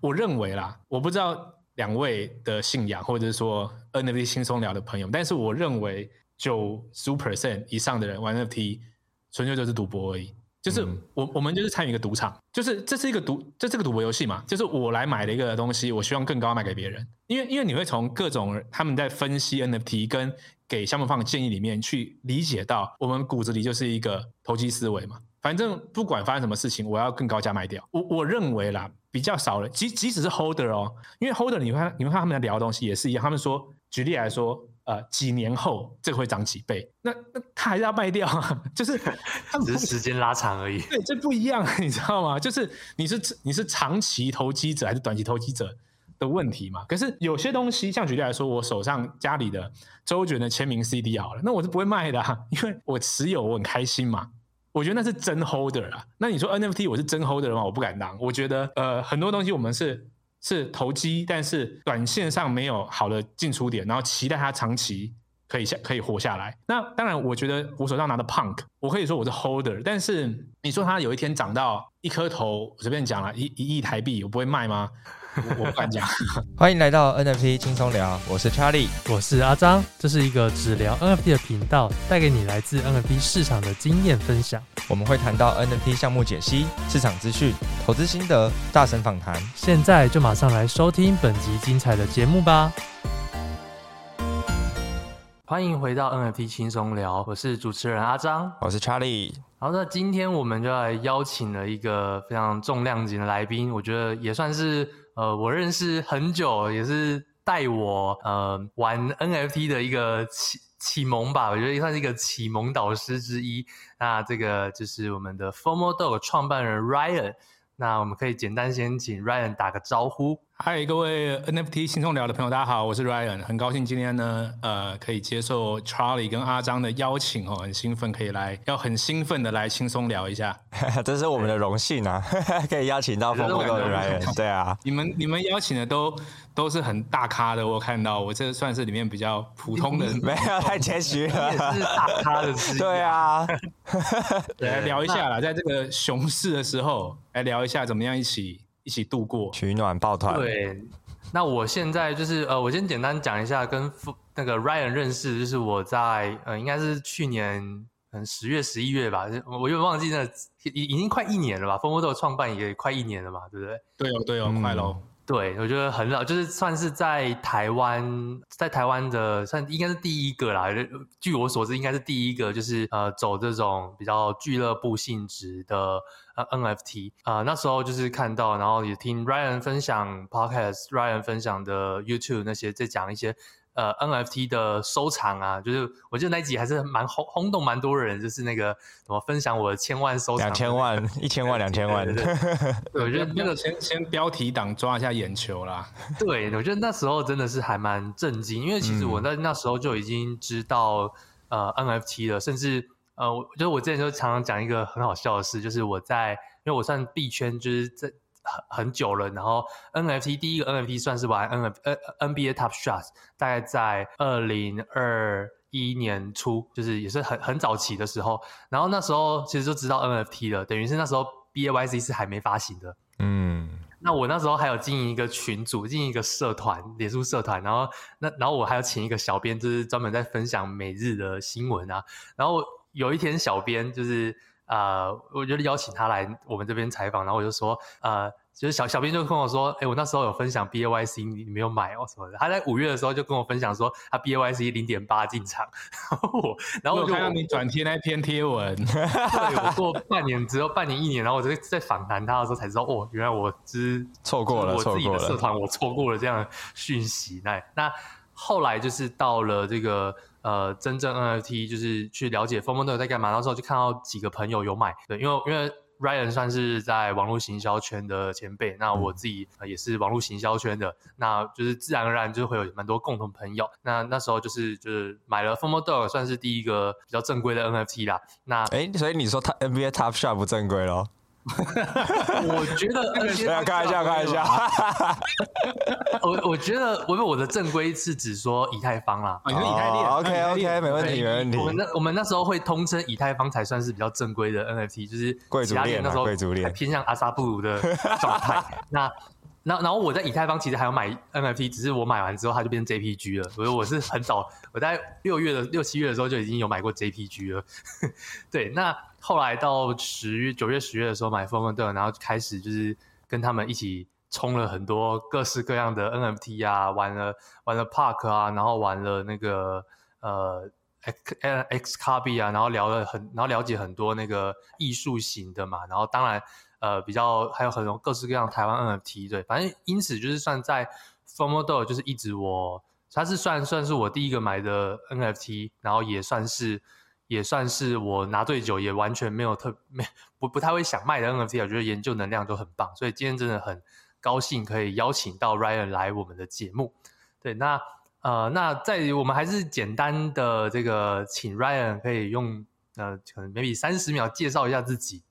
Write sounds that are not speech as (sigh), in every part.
我認為啦，我不知道兩位的信仰，或者是說 NFT 輕鬆聊的朋友，但是我認為90，就95 percent 以上的人玩 NFT，純粹就是賭博而已。就是我我們就是參與一個賭場，嗯、就是這是一個賭，對這是個賭博遊戲嘛。就是我來買的一個東西，我希望更高賣給別人。因為因為你會從各種他們在分析 NFT，跟給項目方的建議裡面去理解到，我們骨子裡就是一個投機思維嘛。反正不管發生什麼事情，我要更高價賣掉。我我認為啦，比較少人。即即使是 holder 哦，因為 holder 你看，你們看他們在聊東西也是一樣。他們說，舉例來說，呃，幾年後這個會漲幾倍，那那他還是要賣掉啊，就是只是時間拉長而已。對，這不一樣，你知道嗎？就是你是你是長期投機者還是短期投機者的問題嘛。可是有些東西，像舉例來說，我手上家裡的周杰的簽名 CD 好了，那我是不會賣的啊，因為我持有我很開心嘛。我覺得那是真 holder 啊，那你說 NFT 我是真 holder 嗎？我不敢當。我覺得，呃，很多東西我們是是投機，但是短線上沒有好的進出點，然後期待它長期可以下可以活下來。那當然，我覺得我手上拿的 Punk，我可以說我是 holder，但是你說它有一天漲到一顆頭，我隨便講了一一億台幣，我不會賣嗎？ (laughs) 我不敢講。 (laughs) 歡迎來到 NFT 輕鬆聊，我是 Charlie，我是阿璋。這是一個只聊 NFT 的頻道，帶給你來自 NFT 市場的經驗分享。我們會談到 NFT 項目解析、市場資訊、投資心得、大神訪談。現在就馬上來收聽本集精彩的節目吧！歡迎回到 NFT 輕鬆聊，我是主持人阿璋，我是 Charlie。好，那今天我們就來邀請了一個非常重量級的來賓，我覺得也算是。呃，我認識很久，也是帶我呃玩 NFT 的一個啟啟蒙吧，我覺得也算是一個啟蒙導師之一。那這個就是我們的 FOMO Dog 創辦人 Ryan，那我們可以簡單先請 Ryan 打個招呼。嗨，Hi，各位 NFT 輕鬆聊的朋友，大家好，我是 Ryan，很高興今天呢，呃，可以接受 Charlie 跟阿璋的邀請哦，很興奮可以來，要很興奮的來輕鬆聊一下，這是我們的榮幸啊，對 (laughs) 可以邀請到 FOMO Dog 的 Ryan，的對啊，你們你們邀請的都都是很大咖的，我看到我這算是裡面比較普通的， (laughs) 沒有太謙虛了， (laughs) 是大咖的、啊， (laughs) 對啊 (laughs) 對，來聊一下啦，在這個熊市的時候，來聊一下怎麼樣一起。一起度過取暖抱團。對，那我現在就是呃，我先簡單講一下跟、F、那個 Ryan 認識，就是我在呃，應該是去年嗯十月十一月吧，我又忘記了，已已經快一年了吧，FOMO Dog 創辦也快一年了嘛，對不對？對哦，對哦，嗯、快囉。對，我覺得很老，就是算是在台灣，在台灣的算應該是第一個啦。據我所知，應該是第一個，就是呃，走這種比較俱樂部性質的 NFT 啊，呃，那時候就是看到，然後也聽 Ryan 分享 Podcast，Ryan 分享的 YouTube 那些在講一些。呃，NFT 的收藏啊，就是我覺得那一集還是蠻轟轟動，蠻多人，就是那個怎麼分享我的千萬收藏，兩千萬、一千萬、兩千萬，對，對對 (laughs) 我覺得那個先先標題黨抓一下眼球啦。對，我覺得那時候真的是還蠻震驚，因為其實我在那時候就已經知道、嗯、呃 NFT 了，甚至呃，我覺得我之前就常常講一個很好笑的事，就是我在因為我算幣圈就是在。很很久了，然後 NFT 第一個 NFT 算是玩 N N NBA Top Shots，大概在二零二一年初，就是也是很很早期的時候。然後那時候其實就知道 NFT 了，等於是那時候 BAYC 是還沒發行的。嗯，那我那時候還有經營一個群組，經營一個社團，臉書社團。然後那然後我還有請一個小編，就是專門在分享每日的新聞啊。然後有一天，小編就是。呃，我就邀請他來我們這邊採訪，然後我就說，呃，就是小小編就跟我說，誒、欸，我那時候有分享 B A Y C，你沒有買哦什麼的。他在五月的時候就跟我分享說他，他 B A Y C 零點八進場，然後我，然後我看到你轉貼那篇貼文 (laughs) 對，我過半年之後，只有半年一年，然後我就在訪談他的時候才知道，哦，原來我之、就、錯、是、過了，我自己的社團我錯過了這樣訊息。那那後來就是到了這個。呃，真正 NFT 就是去了解 FOMO Dog 在幹嘛，那時候就看到幾個朋友有買，對，因為因為 Ryan 算是在網絡行銷圈的前輩，那我自己、呃、也是網絡行銷圈的，那就是自然而然就會有蠻多共同朋友，那那時候就是就是買了 FOMO Dog 算是第一個比較正規的 NFT 啦，那誒、欸，所以你說他 NBA Top Shop 不正規咯？ (laughs) (laughs) 我覺得看一下看一下，一下 (laughs) 我我覺得，我我的正規是指說以太坊啦，因為、哦、以太鏈、哦啊、OK OK 沒問題沒問題。Okay, 問題我們那我們那時候會通稱以太坊才算是比較正規的 NFT，就是貴族鏈那時候貴族鏈偏向阿薩布魯的狀態。 (laughs) 那。然後我在以太坊其實還有買 NFT，只是我買完之後它就變成 JPG 了。我我是很早我在六月的六七月的時候就已經有買過 JPG 了呵呵。對，那後來到十月九月十月的時候買 FOMO Dog 然後開始就是跟他們一起充了很多各式各樣的 NFT 啊，玩了玩了 Park 啊，然後玩了那個呃 X XCOPY 啊，然後聊了很然後了解很多那個藝術型的嘛，然後當然。呃，比較還有很多各式各樣台灣 NFT 對，反正因此就是算在 FOMO Dog 就是一直我，它是算算是我第一個買的 NFT，然後也算是也算是我拿最久也完全沒有特沒不不太會想賣的 NFT，我覺得研究能量都很棒，所以今天真的很高興可以邀請到 Ryan 來我們的節目。對，那呃，那在我們還是簡單的這個請 Ryan 可以用呃，可能 maybe 三十秒介紹一下自己。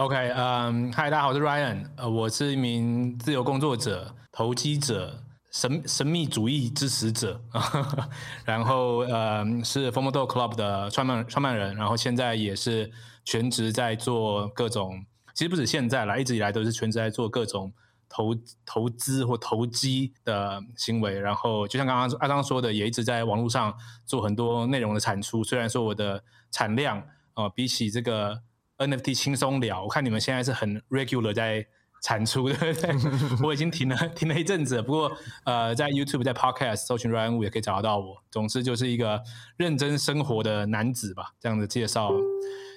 OK，嗯嗨，大家好，我是 Ryan，呃，我是一名自由工作者、投機者、神神秘主義支持者，啊，哈哈。然後呃、um, 是 FOMO Dog Club 的創辦創辦人，然後現在也是全職在做各種，其實不止現在啦，一直以來都是全職在做各種投投資或投機的行為，然後就像剛剛阿璋說的，也一直在網絡上做很多內容的產出，雖然說我的產量哦、呃、比起這個。NFT 輕鬆聊，我看你們現在是很 regular 在產出，對不對？ (laughs) 我已經停了停了，一陣子，不過呃，在 YouTube 在 Podcast 搜尋 Ryan Wu 也可以找得到我。總之就是一個認真生活的男子吧，這樣的介紹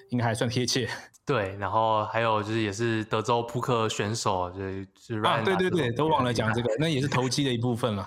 應該還算貼切。對，然後還有就是也是德州撲克選手，就是 Ryan 啊，對對對，都忘了講這個， (laughs) 那也是投機的一部分了。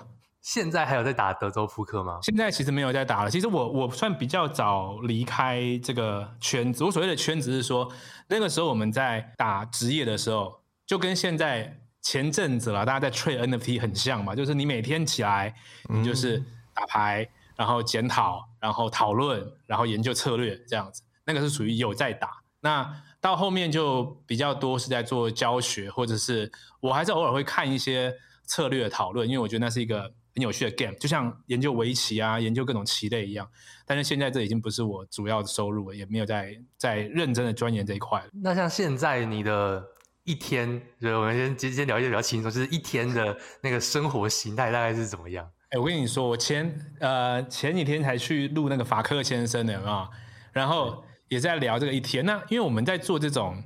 現在還有在打德州撲克嗎？現在其實沒有在打了。其實我我算比較早離開這個圈子。我所謂的圈子是說，那個時候我們在打職業的時候，就跟現在前陣子了大家在 trade NFT 很像嘛，就是你每天起來你就是打牌，然後檢討，然後討論，然後研究策略這樣子。那個是屬於有在打。那到後面就比較多是在做教學，或者是我還是偶爾會看一些策略討論，因為我覺得那是一個，很有趣的 game，就像研究圍棋啊，研究各種棋類一樣。但是現在這已經不是我主要的收入了，也沒有在在認真的鑽研這一塊了。那像現在你的一天，就是、我們先今天聊一些比較輕鬆，就是一天的那個生活形態大概是怎麼樣？的哎，我跟你說，我前呃前幾天才去錄那個法克先生的啊，然後也在聊這個一天。那因為我們在做這種。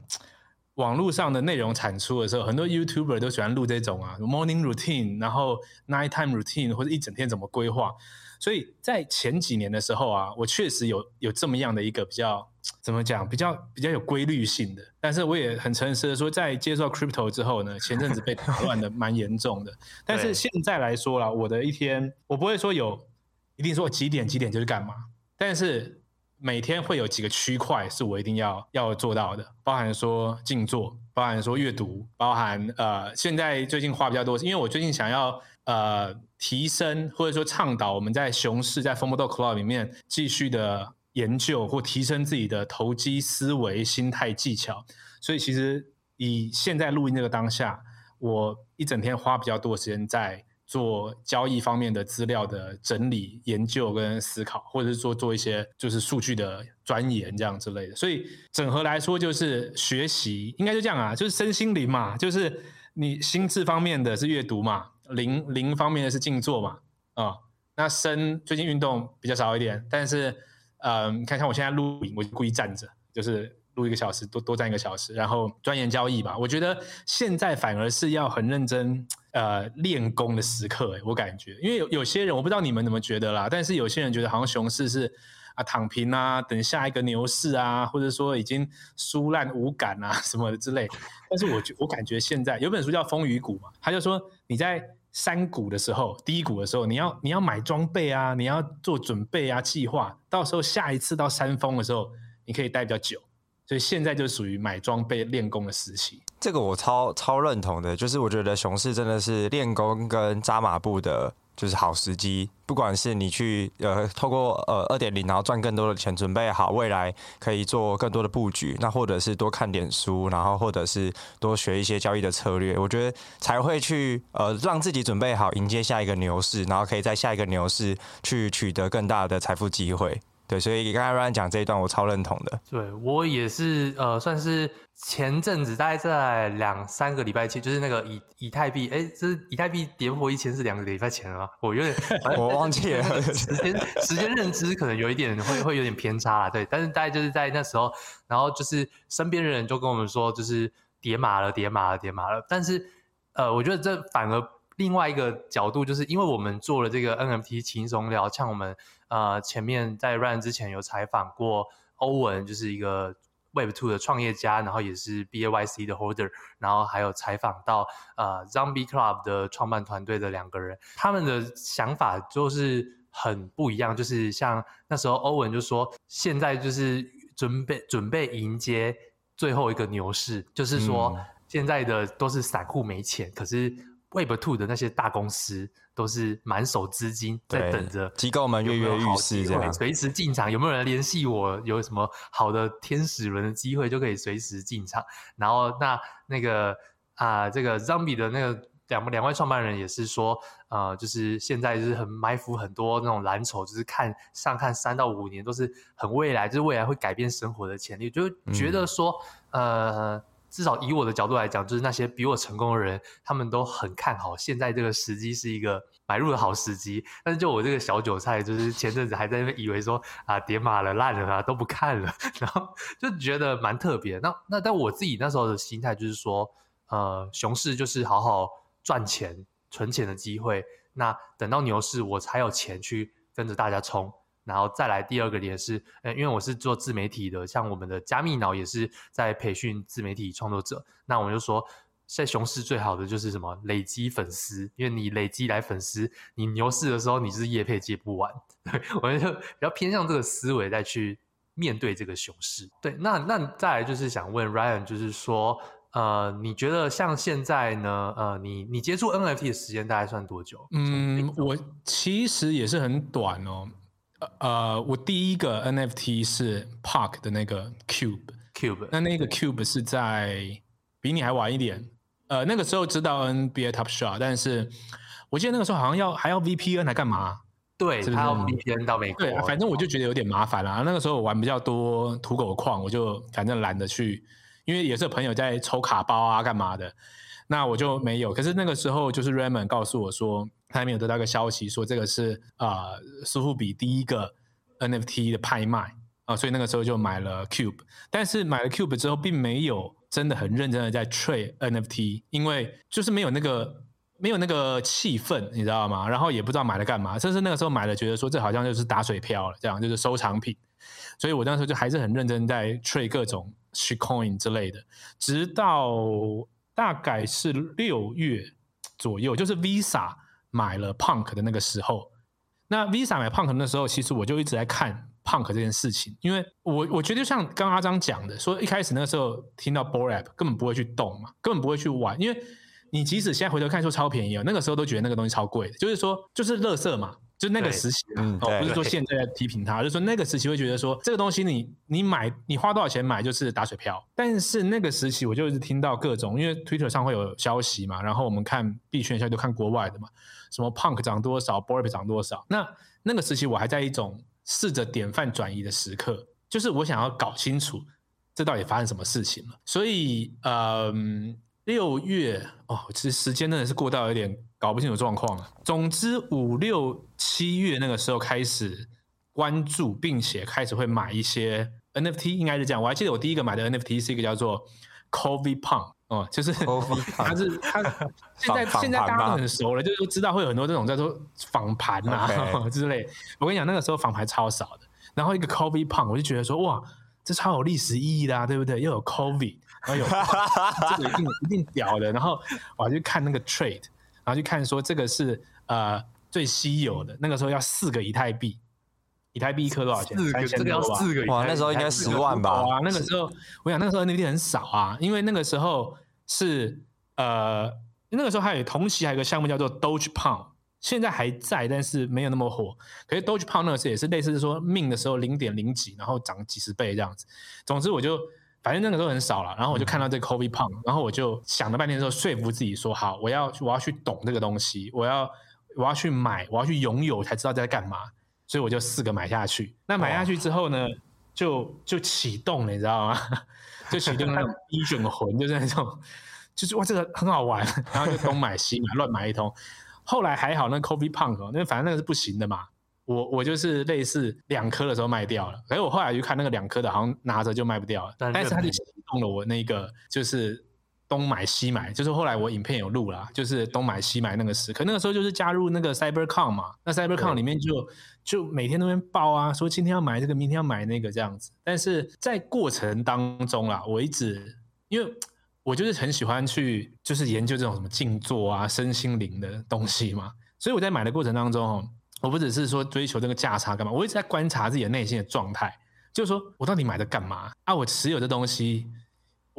網絡上的內容產出的時候，很多 YouTuber 都喜歡錄這種啊，Morning Routine，然後 Night Time Routine，或者一整天怎麼規劃。所以在前幾年的時候啊，我確實有有這麼樣的一個比較怎麼講，比較比較有規律性的。但是我也很誠實的說，在接觸到 Crypto 之後呢，前陣子被打亂的蠻嚴重的。 (laughs) 但是現在來說啦，我的一天我不會說有一定說我幾點幾點就是幹嘛，但是。每天會有幾個區塊是我一定要要做到的，包含說靜坐，包含說閱讀，包含呃，現在最近花比較多，因為我最近想要呃提升或者說倡導我們在熊市在 FOMO Dog Club 裡面繼續的研究或提升自己的投機思維、心態、技巧，所以其實以現在錄音這個當下，我一整天花比較多的時間在。做交易方面的資料的整理、研究跟思考，或者是說做一些就是數據的鑽研這樣之類的。所以，整合來說就是學習，應該就這樣啊，就是身心靈嘛，就是你心智方面的是閱讀嘛，靈靈方面的是靜坐嘛，啊、哦，那身最近運動比較少一點，但是，嗯、呃，你看看我現在錄影，我就故意站着，就是。錄一個小時，多多站一個小時，然後鑽研交易吧。我覺得現在反而是要很認真呃練功的時刻，欸，我感覺，因為有有些人我不知道你們怎麼覺得啦，但是有些人覺得好像熊市是啊躺平啊，等下一個牛市啊，或者說已經輸爛無感啊什麼之類。但是我覺我感覺現在有本書叫《風雨谷》嘛，他就說你在山谷的時候、低谷的時候，你要你要買裝備啊，你要做準備啊、計劃，到時候下一次到山峰的時候，你可以待比較久。所以現在就屬於買裝備練功的時期，這個我超超認同的，就是我覺得熊市真的是練功跟扎馬步的，就是好時機。不管是你去呃透過呃二點零，然後賺更多的錢，準備好未來可以做更多的布局，那或者是多看點書，然後或者是多學一些交易的策略，我覺得才會去呃讓自己準備好迎接下一個牛市，然後可以在下一個牛市去取得更大的財富機會。對，所以你剛才 Ryan 講這一段，我超認同的。對，我也是，呃，算是前陣子大概在兩三個禮拜前，就是那個以以太幣，哎，這是以太幣跌破一千是兩個禮拜前了嗎？我有點，就是、 (laughs) 我忘記了時間 (laughs) 時間認知可能有一點會會有點偏差了。對，但是大概就是在那時候，然後就是身邊的人就跟我們說，就是跌麻了，跌麻了，跌麻了,了。但是，呃，我覺得這反而另外一個角度，就是因為我們做了這個 NFT 輕鬆聊，像我們。呃，前面在 Ryan 之前有採訪過歐文，就是一個 Web2 的創業家，然後也是 BAYC 的 holder，然後還有採訪到呃 Zombie Club 的創辦團隊的兩個人，他們的想法就是很不一樣，就是像那時候歐文就說，現在就是準備準備迎接最後一個牛市，就是說現在的都是散戶沒錢，可是。2 Web Two 的那些大公司都是滿手資金對在等着，機構們躍躍欲試，這樣隨時進場。有沒有人聯繫我？有什麼好的天使輪的機會就可以隨時進場。然後那那個啊、呃，這個 Zombie 的那個兩兩位創辦人也是說，呃，就是現在就是很埋伏很多那種藍籌，就是看上看三到五年都是很未來，就是未來會改變生活的潛力，就覺得說，嗯、呃。至少以我的角度來講，就是那些比我成功的人，他們都很看好現在這個時機是一個買入的好時機。但是就我這個小韭菜，就是前陣子還在那邊以為說啊，跌麻了，爛了啊，都不看了，然後就覺得蠻特別。那那但我自己那時候的心態就是說，呃，熊市就是好好賺錢存錢的機會，那等到牛市我才有錢去跟着大家衝。然後再來第二個點是，呃、欸，因為我是做自媒體的，像我們的加密腦也是在培訓自媒體創作者。那我們就說，在熊市最好的就是什麼？累積粉絲，因為你累積來粉絲，你牛市的時候你就是業配接不完。對，我們就比較偏向這個思維再去面對這個熊市。對，那那再來就是想問 Ryan，就是說，呃，你覺得像現在呢，呃，你你接觸 NFT 的時間大概算多久？嗯，我其實也是很短哦。呃，我第一個 NFT 是 Pak 的那個 Cube，Cube。那那個 Cube 是在比你還晚一點。對呃，那個時候知道 NBA Top Shot，但是我記得那個時候好像要還要 VPN 來幹嘛？對，是是還要 VPN 到美國。對，反正我就覺得有點麻煩了，啊。嗯，那個時候我玩比較多土狗礦，我就反正懶得去，因為也是有朋友在抽卡包啊，幹嘛的，那我就沒有。嗯，可是那個時候就是 Raymond 告訴我說。他還沒有得到個消息，說這個是啊、呃，蘇富比第一個 NFT 的拍賣啊、呃，所以那個時候就買了 Cube。但是買了 Cube 之後，並沒有真的很認真的在 trade NFT，因為就是沒有那個沒有那個氣氛，你知道嗎？然後也不知道買了幹嘛，甚至那個時候買了，覺得說這好像就是打水漂了，這樣就是收藏品。所以我當時就還是很認真在 trade 各種 shitcoin 之類的，直到大概是六月左右，就是 Visa。買了 punk 的那個時候，那 Visa 買 punk 的時候，其實我就一直在看 punk 這件事情，因為我我覺得就像剛剛阿璋講的，說一開始那個時候聽到 Bored Ape 根本不會去動嘛，根本不會去玩，因為你即使現在回頭看說超便宜了，那個時候都覺得那個東西超貴的，就是說就是垃圾嘛，就那個時期對哦，嗯、不是說現在在批評他，就是說那個時期會覺得說這個東西你你買你花多少錢買就是打水漂，但是那個時期我就一直聽到各種，因為 Twitter 上會有消息嘛，然後我們看幣圈消息都看國外的嘛。什麼 Punk 漲多少，BAYC 漲多少？那那個時期我還在一種試着典範轉移的時刻，就是我想要搞清楚這到底發生什麼事情了。所以，嗯、呃，六月哦，其實時間真的是過到有點搞不清楚狀況了。總之，五六七月那個時候開始關注，並且開始會買一些 NFT，應該是這樣。我還記得我第一個買的 NFT 是一個叫做 Covid Punk。哦，就是他是，oh, God. 他，現在，啊，現在大家都很熟了，就是知道會有很多這種叫做仿盤啊之類。我跟你講，那個時候仿盤超少的，然後一個 Kobe punk，我就覺得說哇，這超有歷史意義的，啊，對不對？又有 Kobe 然後有 (laughs) 這個一定一定屌的，然後我還去看那個 Trade，然後就看說這個是呃最稀有的，那個時候要四個以太幣。以台幣一顆多少錢？四個，月要四個。哇，那時候應該十萬吧？哇、啊，是那個時候，我想那個、時候 NFT 很少啊，因為那個時候是呃，那個時候還有同期還有個項目叫做 Doge Pound，現在還在，但是沒有那麼火。可是 Doge Pound 那個是也是類似是說命的時候零點零幾，然後漲幾十倍這樣子。總之，我就反正那個時候很少了，然後我就看到這個 Covid Pound，然後我就想了半天之後說服自己說好，我要我要去懂這個東西，我要我要去買，我要去擁有，才知道在幹嘛。所以我就四個買下去，那買下去之後呢，哇就就啟動了，你知道嗎？就啟動那種一卷魂，就是那種，就是哇，這個很好玩， (laughs) 然後就東買西買，亂買一通。後來還好，那 Kobe Punk，喔，因為那反正那個是不行的嘛。我我就是類似兩顆的時候賣掉了，哎，我後來就看那個兩顆的，好像拿着就賣不掉了，但是他就啟動了我那個，就是。東買西買，就是後來我影片有錄啦，就是東買西買那個時刻，可那個時候就是加入那個 CyberKongz 嘛，那 CyberKongz 裡面就對就每天都報啊，說今天要買這個，明天要買那個這樣子。但是在過程當中啊，我一直因為我就是很喜歡去，就是研究這種什麼靜坐啊、身心靈的東西嘛，所以我在買的過程當中，我不只是說追求這個價差幹嘛，我一直在觀察自己的內心的狀態，就是說我到底買的幹嘛？啊，我持有的東西。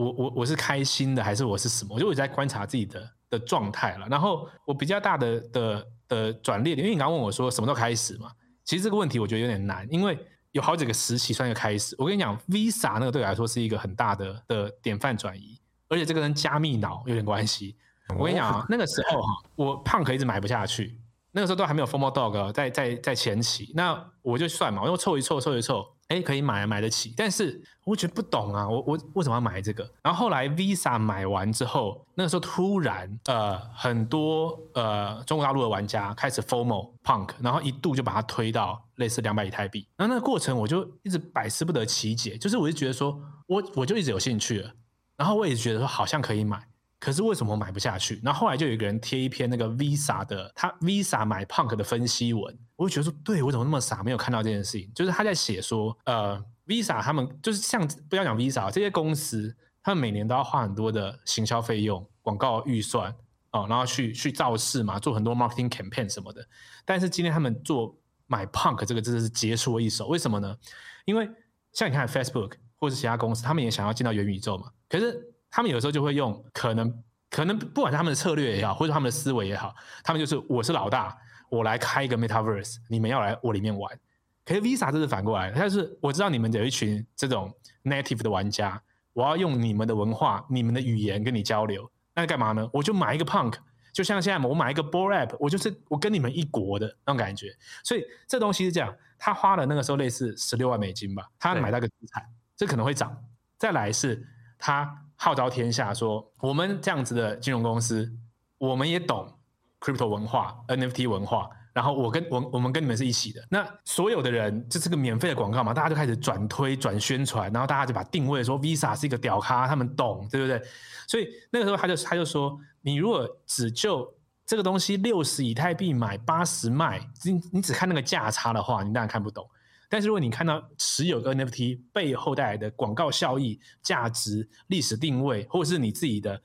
我我我是開心的，還是我是什麼？我覺得我一直在觀察自己的的狀態了。然後我比較大的的的轉捩點，因為你剛問我說什麼時候開始嘛？其實這個問題我覺得有點難，因為有好幾個時期算一個開始。我跟你講，Visa 那個對我來說是一個很大的的典範轉移，而且這個跟加密腦有點關係。我跟你講啊，哦、那個時候哈，我 Punk 一直買不下去，那個時候都還沒有 FOMO Dog、啊、在在在前期，那我就算嘛，我就湊一湊湊一湊。哎，可以買啊，買得起。但是我覺得不懂啊，我我為什麼要買這個？然後後來 Visa 買完之後，那個時候突然呃，很多呃中國大陸的玩家開始 FOMO Punk，然後一度就把它推到類似兩百以太幣。然後那個過程我就一直百思不得其解，就是我就覺得說我我就一直有興趣了，然後我也覺得說好像可以買，可是為什麼買不下去？然後後來就有一個人貼一篇那個 Visa 的他 Visa 買 Punk 的分析文。我覺得說，對，我怎麼那麼傻，沒有看到這件事情？就是他在寫說，呃，Visa 他們就是像不要講 Visa 這些公司，他們每年都要花很多的行銷費用、廣告預算、呃、然後去去造勢嘛，做很多 marketing campaign 什麼的。但是今天他們做買 Punk 這個真的是傑出一手，為什麼呢？因為像你看 Facebook 或者是其他公司，他們也想要進到元宇宙嘛。可是他們有時候就會用，可能可能不管他們的策略也好，或者他們的思維也好，他們就是我是老大。我來開一個 metaverse，你們要來我裡面玩。可是 Visa 這是反過來，但是我知道你們有一群這種 native 的玩家，我要用你們的文化、你們的語言跟你交流，那幹嘛呢？我就買一個 punk，就像現在我買一個 Bored Ape，我就是我跟你們一國的那種感覺。所以這東西是這樣，他花了那個時候類似十六萬美金吧，他買到一個資產，對這可能會漲。再來是他號召天下說，我們這樣子的金融公司，我們也懂。Crypto 文化、NFT 文化，然後我跟我我們跟你們是一起的。那所有的人，就是，這是個免費的廣告嘛，大家就開始轉推、轉宣傳，然後大家就把定位說 Visa 是一個屌咖，他們懂，對不對？所以那個時候他就他就說，你如果只就這個東西六十以太幣買八十賣，你你只看那個價差的話，你當然看不懂。但是如果你看到持有個 NFT 背後帶來的廣告效益、價值、歷史定位，或者是你自己的。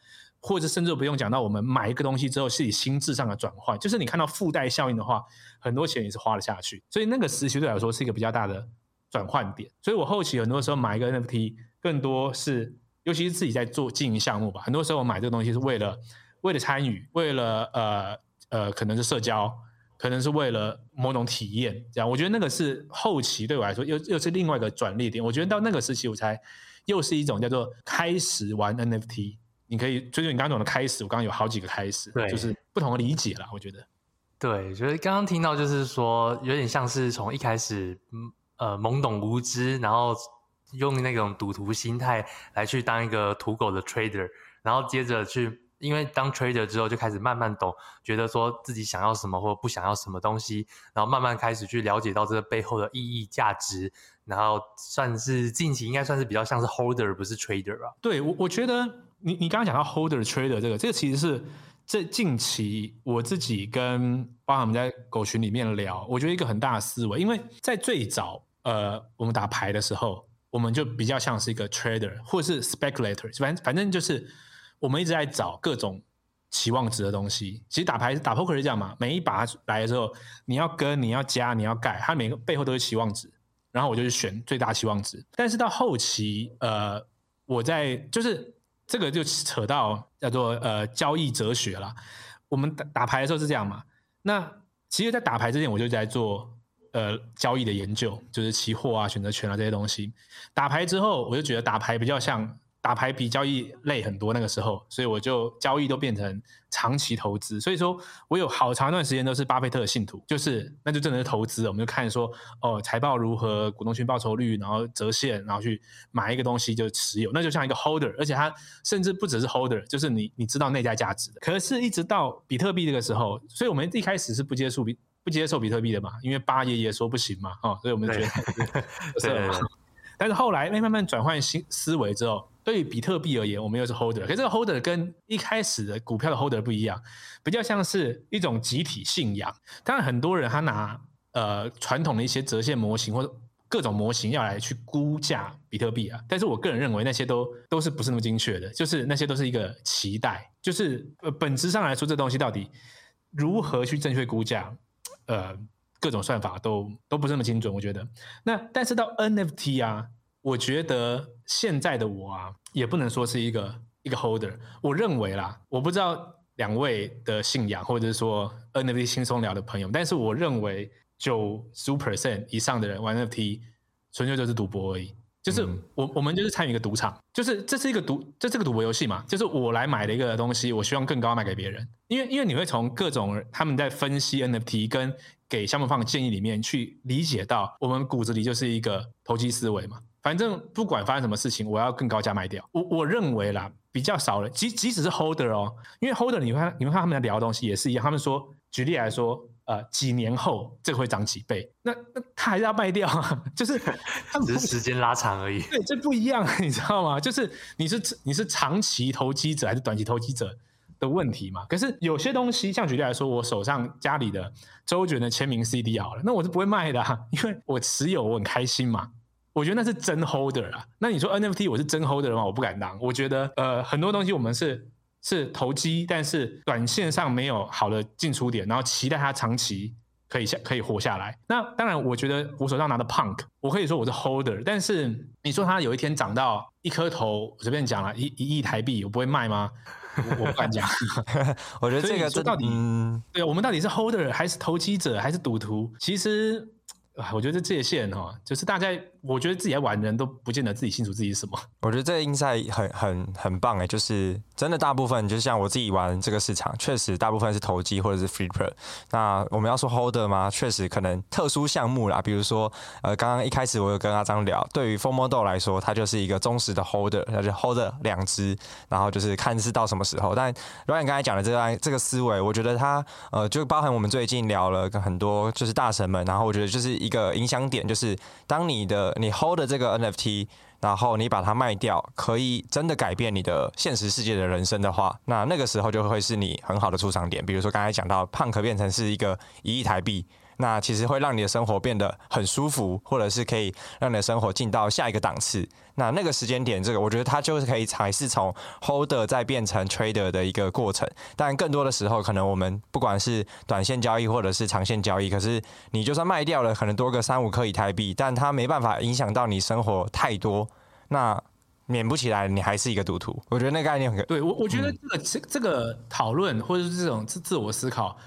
或者甚至不用講到我們買一個東西之後，自己心智上的轉換，就是你看到附帶效應的話，很多錢也是花了下去。所以那個時期對我來說是一個比較大的轉換點。所以我後期很多時候買一個 NFT，更多是尤其是自己在做經營項目吧。很多時候我買這個東西是為了為了參與，為了呃呃，可能是社交，可能是為了某種體驗。這樣我覺得那個是後期對我來說又又是另外一個轉捩點。我覺得到那個時期我才又是一種叫做開始玩 NFT。你可以追溯你剛剛懂的開始，我剛剛有好幾個開始，對，就是不同的理解啦。我覺得，對，就剛剛聽到就是說，有點像是從一開始，呃，懵懂無知，然後用那種賭徒心態來去當一個土狗的 trader，然後接着去，因為當 trader 之後就開始慢慢懂，覺得說自己想要什麼或不想要什麼東西，然後慢慢開始去了解到這個背後的意義、價值，然後算是近期應該算是比較像是 holder，不是 trader 啊？對我，我覺得。你你剛剛講到 holder trader 這個，這個其實是這近期我自己跟包含我們在狗群裡面聊，我覺得一個很大的思維，因為在最早呃我們打牌的時候，我們就比較像是一個 trader 或是 speculator，反反正就是我們一直在找各種期望值的東西。其實打牌打撲克是這樣嘛，每一把來的時候你要跟你要加你要蓋，它每個背後都是期望值，然後我就去選最大期望值。但是到後期呃我在就是。這個就扯到叫做呃交易哲學了。我們打打牌的時候是這樣嘛。那其實，在打牌之前，我就在做呃交易的研究，就是期貨啊、選擇權啊這些東西。打牌之後，我就覺得打牌比較像。打牌比交易累很多，那個時候，所以我就交易都變成長期投資。所以說我有好長一段時間都是巴菲特的信徒，就是那就真的是投資，我們就看說哦財報如何、股東權報酬率，然後折現，然後去買一個東西就持有，那就像一個 holder，而且它甚至不只是 holder，就是你你知道內在價值的。可是，一直到比特幣這個時候，所以我們一開始是不接受比不接受比特幣的嘛，因為巴爺也也說不行嘛，哦，所以我們就覺得是，但是後來那慢慢轉換新思維之後。對於比特幣而言，我們又是 holder，可是這個 holder 跟一開始的股票的 holder 不一樣，比較像是一種集體信仰。當然，很多人他拿呃傳統的一些折現模型或者各種模型要來去估價比特幣啊，但是我個人認為那些都都是不是那麼精確的，就是那些都是一個期待，就是呃本質上來說，這東西到底如何去正確估價？呃，各種算法都都不是那麼精準，我覺得。那但是到 NFT 啊，我覺得。現在的我啊，也不能說是一個一個 holder。我認為啦，我不知道兩位的信仰，或者是說 NFT 輕鬆聊的朋友，但是我認為九十 percent 以上的人玩 NFT，純粹就是賭博而已。就是我我們就是參與一個賭場，嗯、就是這是一個賭，這是個賭博遊戲嘛。就是我來買的一個東西，我希望更高賣給別人。因為因為你會從各種他們在分析 NFT 跟給項目方的建議裡面去理解到，我們骨子裡就是一個投機思維嘛。反正不管發生什麼事情，我要更高價賣掉。我我認為啦，比較少了。即即使是 holder 哦，因為 holder 你看，你們看他們在聊的東西也是一樣。他們說，舉例來說，呃，幾年後這個會漲幾倍，那那他還是要賣掉啊，就是只是時間拉長而已。對，這不一樣，你知道嗎？就是你是你是長期投機者還是短期投機者的問題嘛。可是有些東西，像舉例來說，我手上家裡的周杰倫的簽名 CD 好了，那我是不會賣的啊，因為我持有，我很開心嘛。我覺得那是真 holder 啊，那你說 NFT 我是真 holder 的話，我不敢當。我覺得呃，很多東西我們是是投機，但是短線上沒有好的進出點，然後期待它長期可以下可以活下來。那當然，我覺得我手上拿的 Punk，我可以說我是 holder，但是你說它有一天漲到一顆頭，我隨便講了一一億台幣，我不會賣嗎？我，我不敢講。 (laughs) 我覺得這個這到底對，我們到底是 holder 還是投機者還是賭徒？其實啊、呃，我覺得這界限哈、哦，就是大概。我覺得自己還玩的人都不見得自己清楚自己是什麼。我覺得這個 insight 很很很棒誒、欸，就是真的大部分，就是像我自己玩這個市場，確實大部分是投機或者是 flipper。那我們要說 holder 嗎？確實可能特殊項目啦，比如說呃，剛剛一開始我有跟阿璋聊，對於 FOMO Dog 來說，他就是一個忠實的 holder，他就 holder 兩支，然後就是看是到什麼時候。但如果你剛才講的這段這個思維，我覺得它呃，就包含我們最近聊了很多，就是大神們，然後我覺得就是一個影響點，就是當你的。你 hold 的、e、這個 NFT，然後你把它賣掉，可以真的改變你的現實世界的人生的話，那那個時候就會是你很好的出場點。比如說，剛才講到 Punk 變成是一個一億台幣。那其實會讓你的生活變得很舒服，或者是可以讓你的生活進到下一個檔次。那那個時間點，這個我覺得它就是可以才是從 holder 再變成 trader 的一個過程。但更多的時候，可能我們不管是短線交易或者是長線交易，可是你就算賣掉了，可能多個三五顆以太幣，但它沒辦法影響到你生活太多。那免不起來，你還是一個賭徒。我覺得那個概念很對。我我覺得這個、嗯、這個討論或者是這種自自我思考。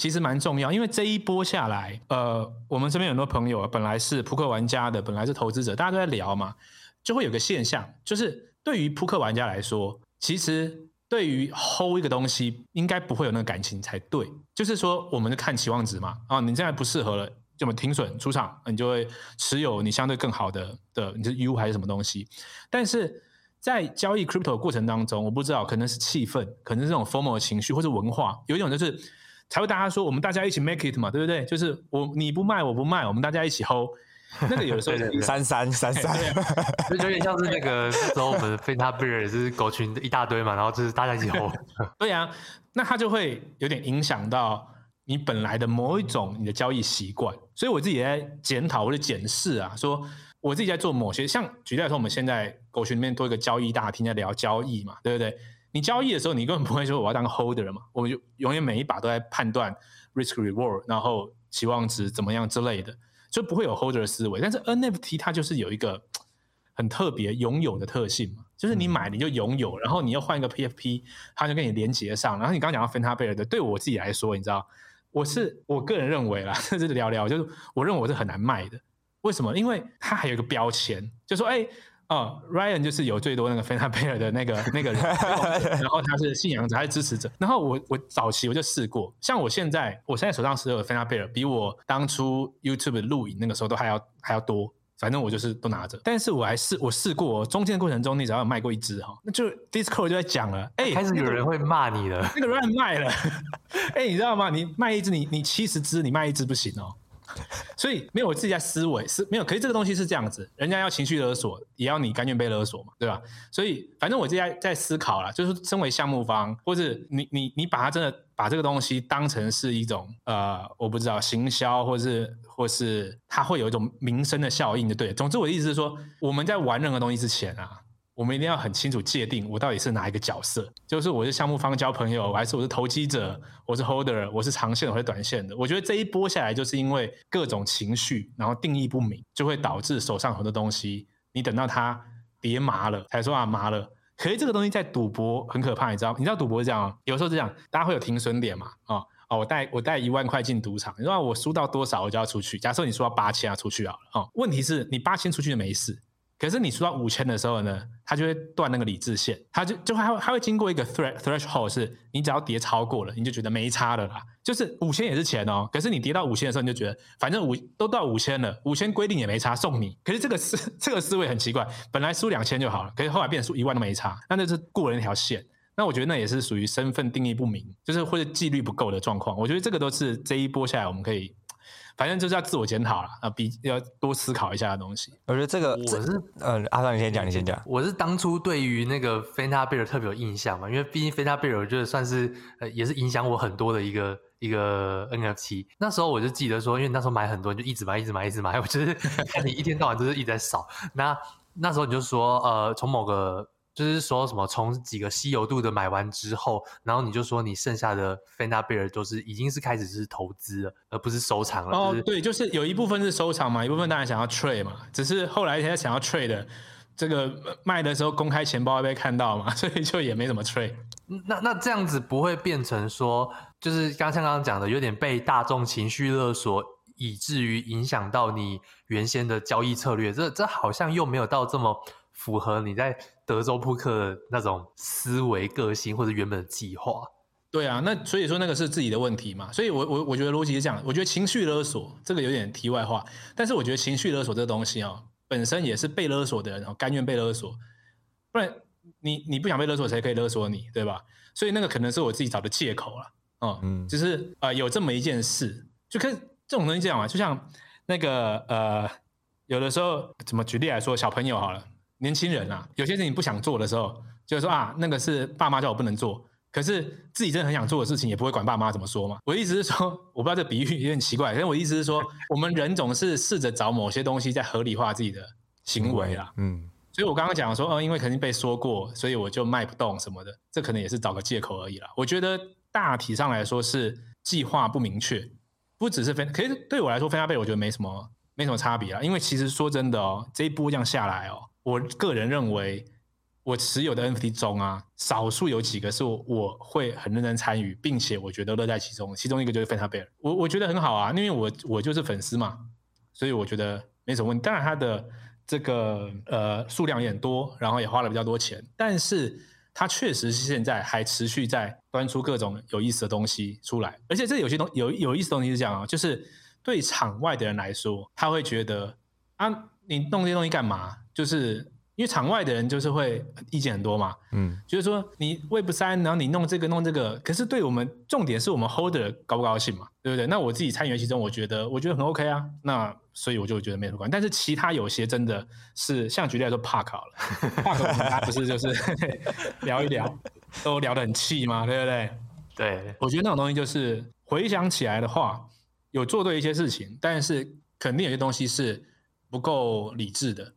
其實蠻重要，因為這一波下來，呃，我們這邊有很多朋友啊，本來是撲克玩家的，本來是投資者，大家都在聊嘛，就會有個現象，就是對於撲克玩家來說，其實對於 hold 一個東西，應該不會有那個感情才對，就是說，我們就看期望值嘛，啊，你現在不適合了，就我們停損出場，你就會持有你相對更好的的，你是 U 還是什麼東西？但是在交易 crypto 的過程當中，我不知道，可能是氣氛，可能是這種 FOMO 的情緒或是文化，有一種就是。才會大家說我們大家一起 make it 嘛，對不對？就是我你不賣我不賣，我們大家一起 hold。那個有時候三、就、三三三，三三 (laughs) 就有點像是那個 (laughs) 這時候我們 fina bear 是狗群一大堆嘛，然後就是大家一起 hold。 (laughs) 對啊，那它就會有點影響到你本來的某一種你的交易習慣，所以我自己在檢討或者檢視啊，說我自己在做某些，像舉例來說，我們現在狗群裡面多一個交易大廳在聊交易嘛，對不對？你交易的時候，你根本不會說我要當個 holder 嘛，我們就永遠每一把都在判斷 risk reward，然後期望值怎麼樣之類的，就不會有 holder 的思維。但是 NFT 它就是有一個很特別擁有的特性嘛，就是你買你就擁有，然後你要換一個 PFP，它就跟你連接上。然後你剛剛講到 Phanta Bear 的，對我自己來說，你知道我是我個人認為啦，這是聊聊，就是我認為我是很難賣的。為什麼？因為它還有一個標籤，就是說哎。哦，Ryan 就是有最多那個 p a 貝爾的那個那個人， (laughs) 然後他是信仰者，他是支持者。然後我我早期我就試過，像我現在我現在手上持有的 p a 貝爾比我當初 YouTube 錄影那個時候都還要還要多，反正我就是都拿着。但是我還試我試過，中間的過程中你只要有賣過一只哈、哦，那就 Discord 就在講了，哎、欸，開始有人會罵你了，欸，那個，那個 Ryan 賣了，哎、 (laughs) 欸，你知道嗎？你賣一只，你你七十只你賣一只不行哦。所以沒有，我自己在思維思沒有，可是這個東西是這樣子，人家要情緒勒索，也要你甘願被勒索嘛，對吧？所以反正我自己在思考啦。就是身為項目方，或是你你你把它真的把這個東西當成是一種呃，我不知道行銷，或是或是它會有一種名聲的效應，就對。總之我的意思是說，我們在玩任何東西之前啊。我們一定要很清楚界定我到底是哪一個角色，就是我是項目方交朋友，還是我是投機者，我是 holder，我是長線的，我是短線的？我覺得這一波下來，就是因為各種情緒，然後定義不明，就會導致手上很多東西。你等到它跌麻了，才說啊麻了。可是這個東西在賭博很可怕，你知道？你知道賭博是這樣嗎，有時候是這樣，大家會有停損點嘛？啊、哦、啊，我帶我帶一萬塊進賭場，你說、啊、我輸到多少我就要出去？假設你輸到八千啊出去好了。哦，問題是，你八千出去就沒事，可是你輸到五千的時候呢？他就會斷那個理智線，他就就會他會他會經過一個 thresh threshold，是你只要跌超過了，你就覺得沒差的啦，就是五千也是錢哦。可是你跌到五千的時候，你就覺得反正五都到五千了，五千規定也沒差，送你。可是這個思這個思維很奇怪，本來輸兩千就好了，可是後來變成輸一萬都沒差，那那是過了那條線。那我覺得那也是屬於身份定義不明，就是或者紀律不夠的狀況。我覺得這個都是這一波下來我們可以。反正就是要自我檢討了啊，要比要多思考一下的東西。我覺得這個，我是呃，阿璋你先講，嗯、你先講。我是當初對於那個 Phanta Bear 特別有印象嘛，因為畢竟 Phanta Bear 就是算是呃也是影響我很多的一個一個 NFT。那時候我就記得說，因為那時候買很多，你就一直買，一直買，一直買。我、就是看你一天到晚都是一直在掃。 (laughs) 那那時候你就說，呃，從某個。就是說什麼從幾個稀有度的買完之後，然後你就說你剩下的菲娜貝爾都是已經是開始是投資了，而不是收藏了。就是、哦，對，就是有一部分是收藏嘛，一部分當然想要 trade 嘛，只是後來現在想要 trade，這個賣的時候公開錢包會被看到嘛，所以就也沒怎麼 trade。那那這樣子不會變成說，就是剛剛剛剛講的有點被大眾情緒勒索，以至於影響到你原先的交易策略？這這好像又沒有到這麼符合你在。德州撲克的那種思維、個性或者原本的計劃，對啊，那所以說那個是自己的問題嘛。所以我，我我我覺得邏輯是這樣。我覺得情緒勒索這個有點題外話，但是我覺得情緒勒索這個東西啊、喔，本身也是被勒索的人、喔，然後甘願被勒索。不然你，你你不想被勒索，誰可以勒索你，對吧？所以那個可能是我自己找的借口了。嗯，嗯就是啊、呃，有這麼一件事，就看這種東西這樣啊，就像那個呃，有的時候怎麼舉例來說，小朋友好了。年輕人啊，有些事情不想做的時候，就是說啊，那個是爸媽叫我不能做，可是自己真的很想做的事情，也不會管爸媽怎麼說嘛。我意思是說，我不知道這比喻有點奇怪，可是我意思是說， (laughs) 我們人總是試着找某些東西在合理化自己的行為啦。嗯，嗯所以我剛剛講說，哦、呃，因為肯定被說過，所以我就賣不動什麼的，這可能也是找個借口而已啦。我覺得大體上來說是計劃不明確，不只是分，可是對我來說，分亞背我覺得沒什麼沒什麼差別啦。因為其實說真的哦，這一波這樣下來哦。我個人認為，我持有的 NFT 中啊，少數有幾個是我我會很認真參與，並且我覺得樂在其中。其中一個就是 Phanta Bear，我我覺得很好啊，因為我我就是粉絲嘛，所以我覺得沒什麼問題。當然，他的這個呃數量也很多，然後也花了比較多錢，但是他確實是現在還持續在端出各種有意思的東西出來。而且這有些東有有意思的東西是這樣啊，就是對場外的人來說，他會覺得啊，你弄這些東西幹嘛？就是因為場外的人就是會意見很多嘛，嗯，就是說你 Web3，然後你弄這個弄這個，可是對我們重點是我們 holder 高不高興嘛，對不對？那我自己參與其中，我覺得我覺得很 OK 啊，那所以我就覺得沒什麼關。但是其他有些真的是像舉例來說，park 好了，哈，他不是就是聊一聊都聊得很氣嘛，對不對？對，我覺得那種東西就是回想起來的話，有做對一些事情，但是肯定有些東西是不夠理智的。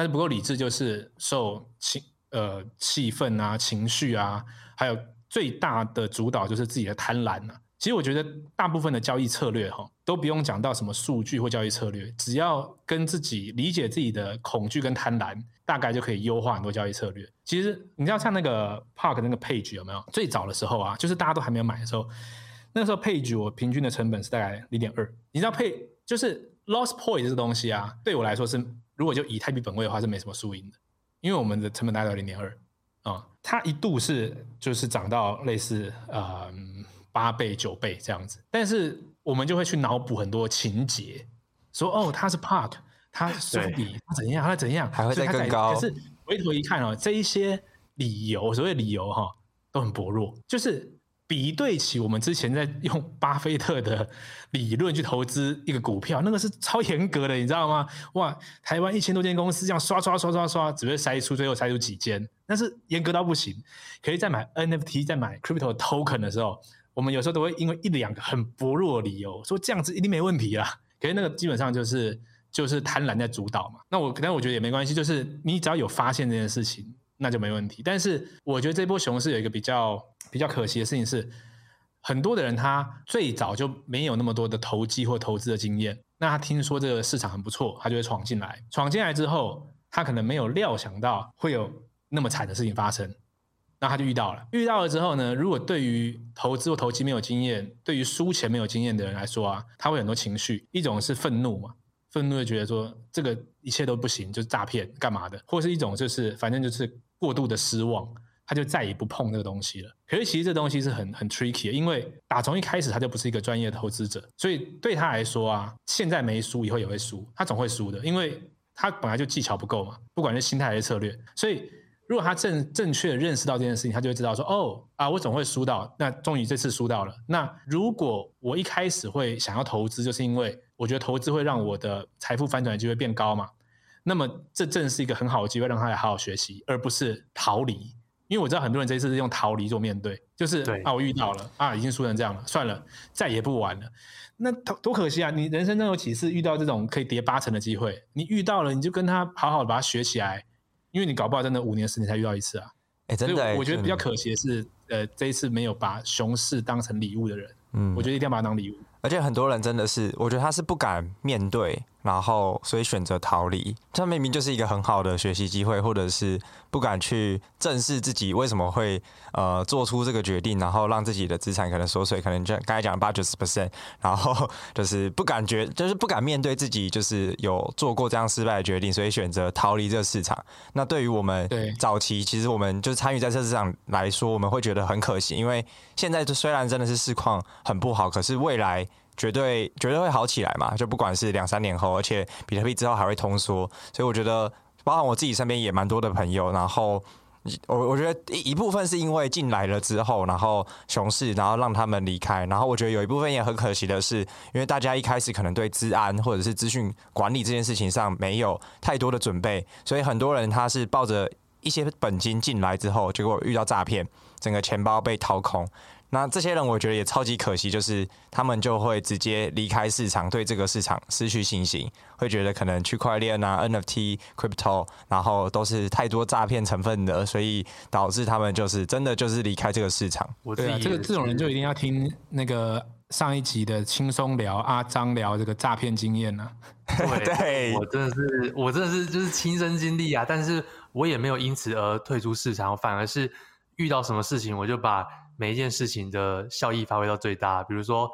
但是不夠理智，就是受呃氣呃氣氛啊、情緒啊，還有最大的主導就是自己的貪婪了、啊。其實我覺得大部分的交易策略哈，都不用講到什麼數據或交易策略，只要跟自己理解自己的恐懼跟貪婪，大概就可以優化很多交易策略。其實你知道，像那個 Park 那個 Page 有沒有？最早的時候啊，就是大家都還沒有買的時候，那時候 Page 我平均的成本是大概零點二。你知道 Page 就是 Loss Point 這個東西啊，對我來說是。如果就以太幣本位的話是沒什麼輸贏的，因為我們的成本大概零點二啊，它一度是就是漲到類似嗯八倍、呃、九倍這樣子，但是我們就會去腦補很多情節，說哦它是 park，它是收它怎樣，它怎樣還會再更高，可是回頭一看哦，這一些理由所謂理由哈、哦、都很薄弱，就是。比對起我們之前在用巴菲特的理論去投資一個股票，那個是超嚴格的，你知道嗎？哇，台灣一千多間公司這樣刷刷刷刷刷，只會篩出最後篩出幾間，那是嚴格到不行。可以在買 NFT，在買 Crypto Token 的時候，我們有時候都會因為一兩個很薄弱的理由說這樣子一定沒問題啊。可是那個基本上就是就是貪婪在主導嘛。那我，但我覺得也沒關係，就是你只要有發現這件事情。那就沒問題，但是我覺得這波熊市有一個比較比較可惜的事情是，很多的人他最早就沒有那麼多的投機或投資的經驗，那他聽說這個市場很不錯，他就會闖進來。闖進來之後，他可能沒有料想到會有那麼慘的事情發生，那他就遇到了。遇到了之後呢，如果對於投資或投機沒有經驗，對於輸錢沒有經驗的人來說啊，他會很多情緒，一種是憤怒嘛，憤怒會覺得說這個一切都不行，就是詐騙幹嘛的，或是一種就是反正就是。過度的失望，他就再也不碰那個東西了。可是其實這個東西是很很 tricky，因為打從一開始他就不是一個專業投資者，所以對他來說啊，現在沒輸，以後也會輸，他總會輸的，因為他本來就技巧不夠嘛，不管是心態還是策略。所以如果他正正確的認識到這件事情，他就會知道說，哦啊，我總會輸到，那終於這次輸到了。那如果我一開始會想要投資，就是因為我覺得投資會讓我的財富翻轉的機會變高嘛。那麼，這正是一個很好的機會，讓他來好好學習，而不是逃離。因為我知道很多人這一次是用逃離做面對，就是對啊，我遇到了啊，已經輸成這樣了，算了，再也不玩了。那多可惜啊！你人生中有幾次遇到這種可以跌八成的機會？你遇到了，你就跟他好好把他學起來，因為你搞不好真的五年十年才遇到一次啊。哎、欸，真的、欸，所以我覺得比較可惜的是，是你呃，這一次沒有把熊市當成禮物的人，嗯，我覺得一定要把它當禮物。而且很多人真的是，我覺得他是不敢面對。然後，所以選擇逃離，這明明就是一個很好的學習機會，或者是不敢去正視自己為什麼會呃做出這個決定，然後讓自己的資產可能縮水，可能就剛才講的八九十 percent，然後就是不敢覺，就是不敢面對自己，就是有做過這樣失敗的決定，所以選擇逃離這個市場。那對於我們早期，其實我們就是參與在這市場來說，我們會覺得很可惜，因為現在就雖然真的是市況很不好，可是未來。.絕對絕對會好起來嘛？就不管是兩三年後，而且比特幣之後還會通縮，所以我覺得，包括我自己身邊也蠻多的朋友。然後，我我覺得一,一部分是因為進來了之後，然後熊市，然後讓他們離開。然後，我覺得有一部分也很可惜的是，因為大家一開始可能對資安或者是資訊管理這件事情上沒有太多的準備，所以很多人他是抱着一些本金進來之後，結果遇到詐騙，整個錢包被掏空。那這些人我覺得也超級可惜，就是他們就會直接離開市場，對這個市場失去信心，會覺得可能區塊鏈啊、NFT、Crypto，然後都是太多詐騙成分的，所以導致他們就是真的就是離開這個市場。我覺得對、啊、這個這種人就一定要聽那個上一集的輕鬆聊阿璋、啊、聊這個詐騙經驗呢、啊。對， (laughs) 對我真的是我真的是就是親身經歷啊，但是我也沒有因此而退出市場，反而是遇到什麼事情我就把。每一件事情的效益發揮到最大，比如說，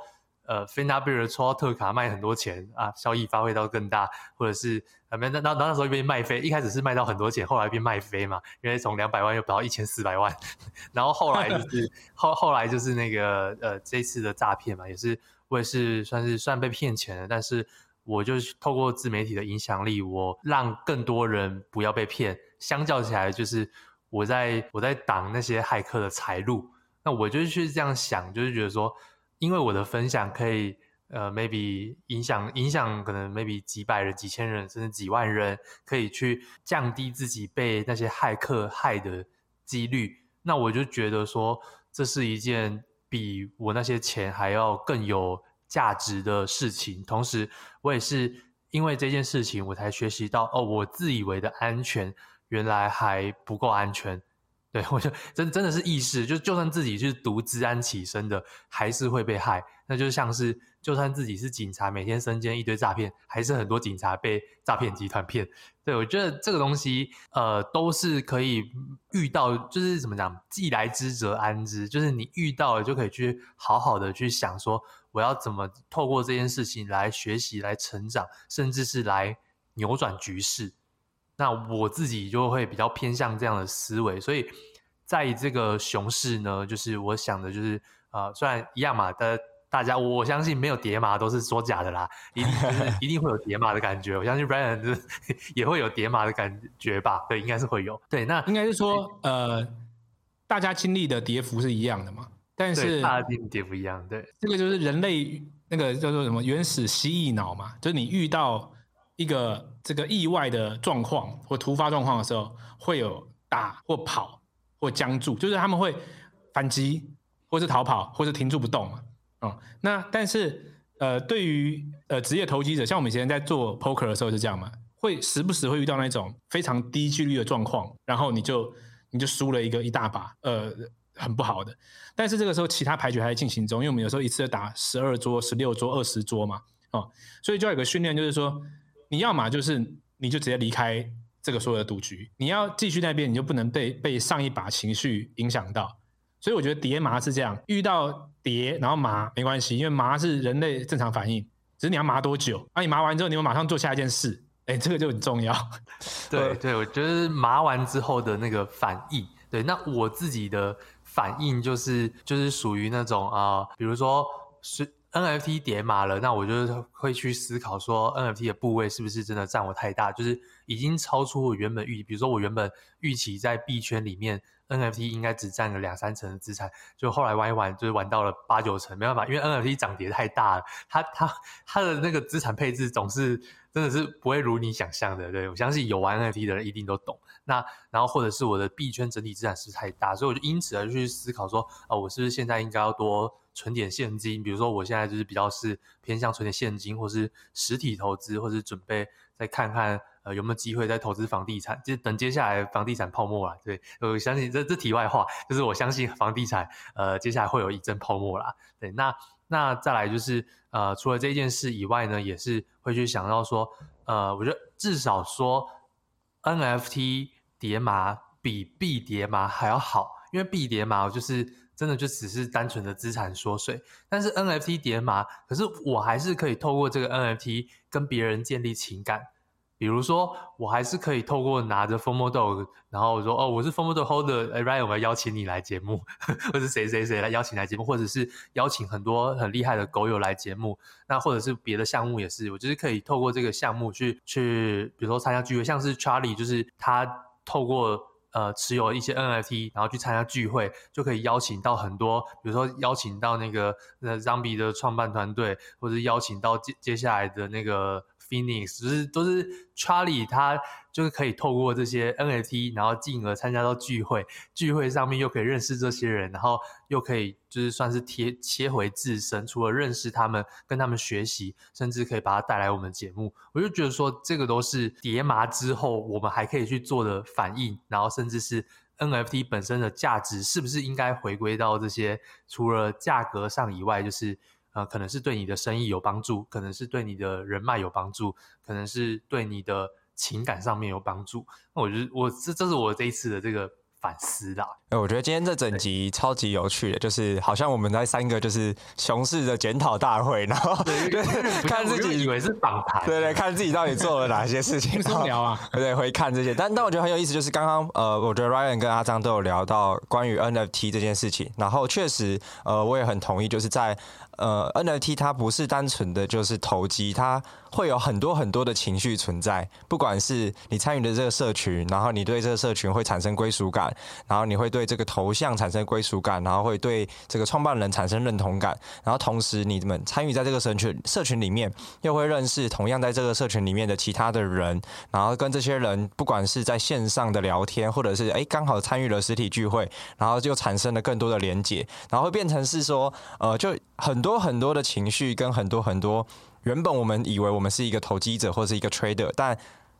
呃，飛納貝爾抽超特卡賣很多錢啊，效益發揮到更大，或者是呃，那那那，那時候被賣飛，一開始是賣到很多錢，後來被賣飛嘛，因為從兩百萬又跑到一千四百萬， (laughs) 然後後來就是後後來就是那個呃，這次的詐騙嘛，也是我也是算是算被騙錢了，但是我就透過自媒體的影響力，我讓更多人不要被騙。相較起來，就是我在我在擋那些駭客的財路。那我就去這樣想，就是覺得說，因為我的分享可以，呃，maybe 影響影響，可能 maybe 幾百人、幾千人甚至幾萬人，可以去降低自己被那些駭客害的幾率。那我就覺得說，這是一件比我那些錢還要更有價值的事情。同時，我也是因為這件事情，我才學習到，哦，我自以為的安全，原來還不夠安全。對，我就真真的是意識，就就算自己去讀資安起身的，還是會被害。那就像是，就算自己是警察，每天身兼一堆詐騙，還是很多警察被詐騙集團騙。對，我覺得這個東西，呃，都是可以遇到，就是怎麼講，既來之則安之，就是你遇到了就可以去好好的去想說，我要怎麼透過這件事情來學習、來成長，甚至是來扭轉局勢。那我自己就會比較偏向這樣的思維，所以在這個熊市呢，就是我想的就是，呃，雖然一樣嘛，但大家我相信沒有疊碼都是說假的啦，一定一定會有疊碼的感覺， (laughs) 我相信 Ryan 是也會有疊碼的感覺吧，對，應該是會有，對，那應該是說，對呃，大家經歷的跌幅是一樣的嘛，但是大家經歷跌幅一樣，對，這個就是人類那個叫做什麼原始蜥蜴腦嘛，就是你遇到。一個這個意外的狀況或突發狀況的時候，會有打或跑或僵住，就是他們會反擊，或是逃跑，或是停住不動嘛。哦，那但是呃，對於呃職業投機者，像我們以前在做 poker 的時候是這樣嘛，會時不時會遇到那種非常低幾率的狀況，然後你就你就輸了一個一大把，呃，很不好的。但是這個時候其他牌局還在進行中，因為我們有時候一次打十二桌、十六桌、二十桌嘛，哦，所以就要有一個訓練，就是說。你要嘛，就是，你就直接離開這個所有的賭局。你要繼續那邊，你就不能被被上一把情緒影響到。所以我覺得跌麻是這樣，遇到跌然後麻沒關係，因為麻是人類正常反應。只是你要麻多久、啊？那你麻完之後，你要馬上做下一件事。哎，這個就很重要對。對對，我覺得麻完之後的那個反應，對，那我自己的反應就是就是屬於那種啊、呃，比如說是。NFT 跌碼了，那我就是會去思考說，NFT 的部位是不是真的占我太大？就是已經超出我原本預期，比如說我原本預期在幣圈裡面，NFT 應該只占了兩三成的資產，就後來玩一玩，就是玩到了八九成。沒辦法，因為 NFT 漲跌太大了，它它它的那個資產配置總是真的是不會如你想象的。對，我相信有玩 NFT 的人一定都懂。那然後或者是我的幣圈整體資產是太大，所以我就因此而去思考說，啊、呃，我是不是現在應該要多。存點現金，比如說我現在就是比較是偏向存點現金，或是實體投資，或是準備再看看呃有沒有機會再投資房地產，就是等接下來房地產泡沫了。對，我相信這這題外話，就是我相信房地產呃接下來會有一陣泡沫了。對，那那再來就是呃除了這件事以外呢，也是會去想到說呃我覺得至少說 NFT 疊碼比幣疊碼還要好，因為幣疊碼就是。真的就只是單純的資產縮水，但是 NFT 跌嘛，可是我還是可以透過這個 NFT 跟別人建立情感，比如說，我還是可以透過拿着 Fomo Dog，然後我說哦，我是 Fomo Dog Holder，哎，Ryan, 我要邀請你來節目，或者是誰誰誰來邀請來節目，或者是邀請很多很厲害的狗友來節目，那或者是別的項目也是，我就是可以透過這個項目去去，比如說參加聚會，像是 Charlie 就是他透過。呃，持有一些 NFT，然後去參加聚會，就可以邀請到很多，比如說邀請到那個呃 Zombie 的創辦團隊，或者邀請到接接下來的那個。Phoenix 就是都是 Charlie，他就是可以透過這些 NFT，然後進而參加到聚會，聚會上面又可以認識這些人，然後又可以就是算是貼切回自身。除了認識他們，跟他們學習，甚至可以把他帶來我們的節目。我就覺得說，這個都是疊麻之後，我們還可以去做的反應，然後甚至是 NFT 本身的價值，是不是應該回歸到這些？除了價格上以外，就是。呃，可能是對你的生意有幫助，可能是對你的人脈有幫助，可能是對你的情感上面有幫助。我覺得我，我這這是我這一次的這個反思啦。哎、欸，我覺得今天這整集超級有趣的，的對就是好像我們在三個就是熊市的檢討大會，然後對 (laughs) 看自己以為是訪談對，對對，看自己到底做了哪些事情，然後 (laughs) 聊啊，對，回看這些。但但我覺得很有意思，就是剛剛呃，我覺得 Ryan 跟阿璋都有聊到關於 NFT 這件事情，然後確實呃，我也很同意，就是在。呃，NFT 它不是單純的就是投機，它會有很多很多的情緒存在。不管是你參與的這個社群，然後你對這個社群會產生歸屬感，然後你會對這個頭像產生歸屬感，然後會對這個創辦人產生認同感，然後同時你們參與在這個社群社群裡面，又會認識同樣在這個社群裡面的其他的人，然後跟這些人不管是在線上的聊天，或者是哎剛好參與了實體聚會，然後就產生了更多的連結，然後會變成是說，呃，就。很多很多的情緒跟很多很多，原本我們以為我們是一個投機者或是一個 trader，但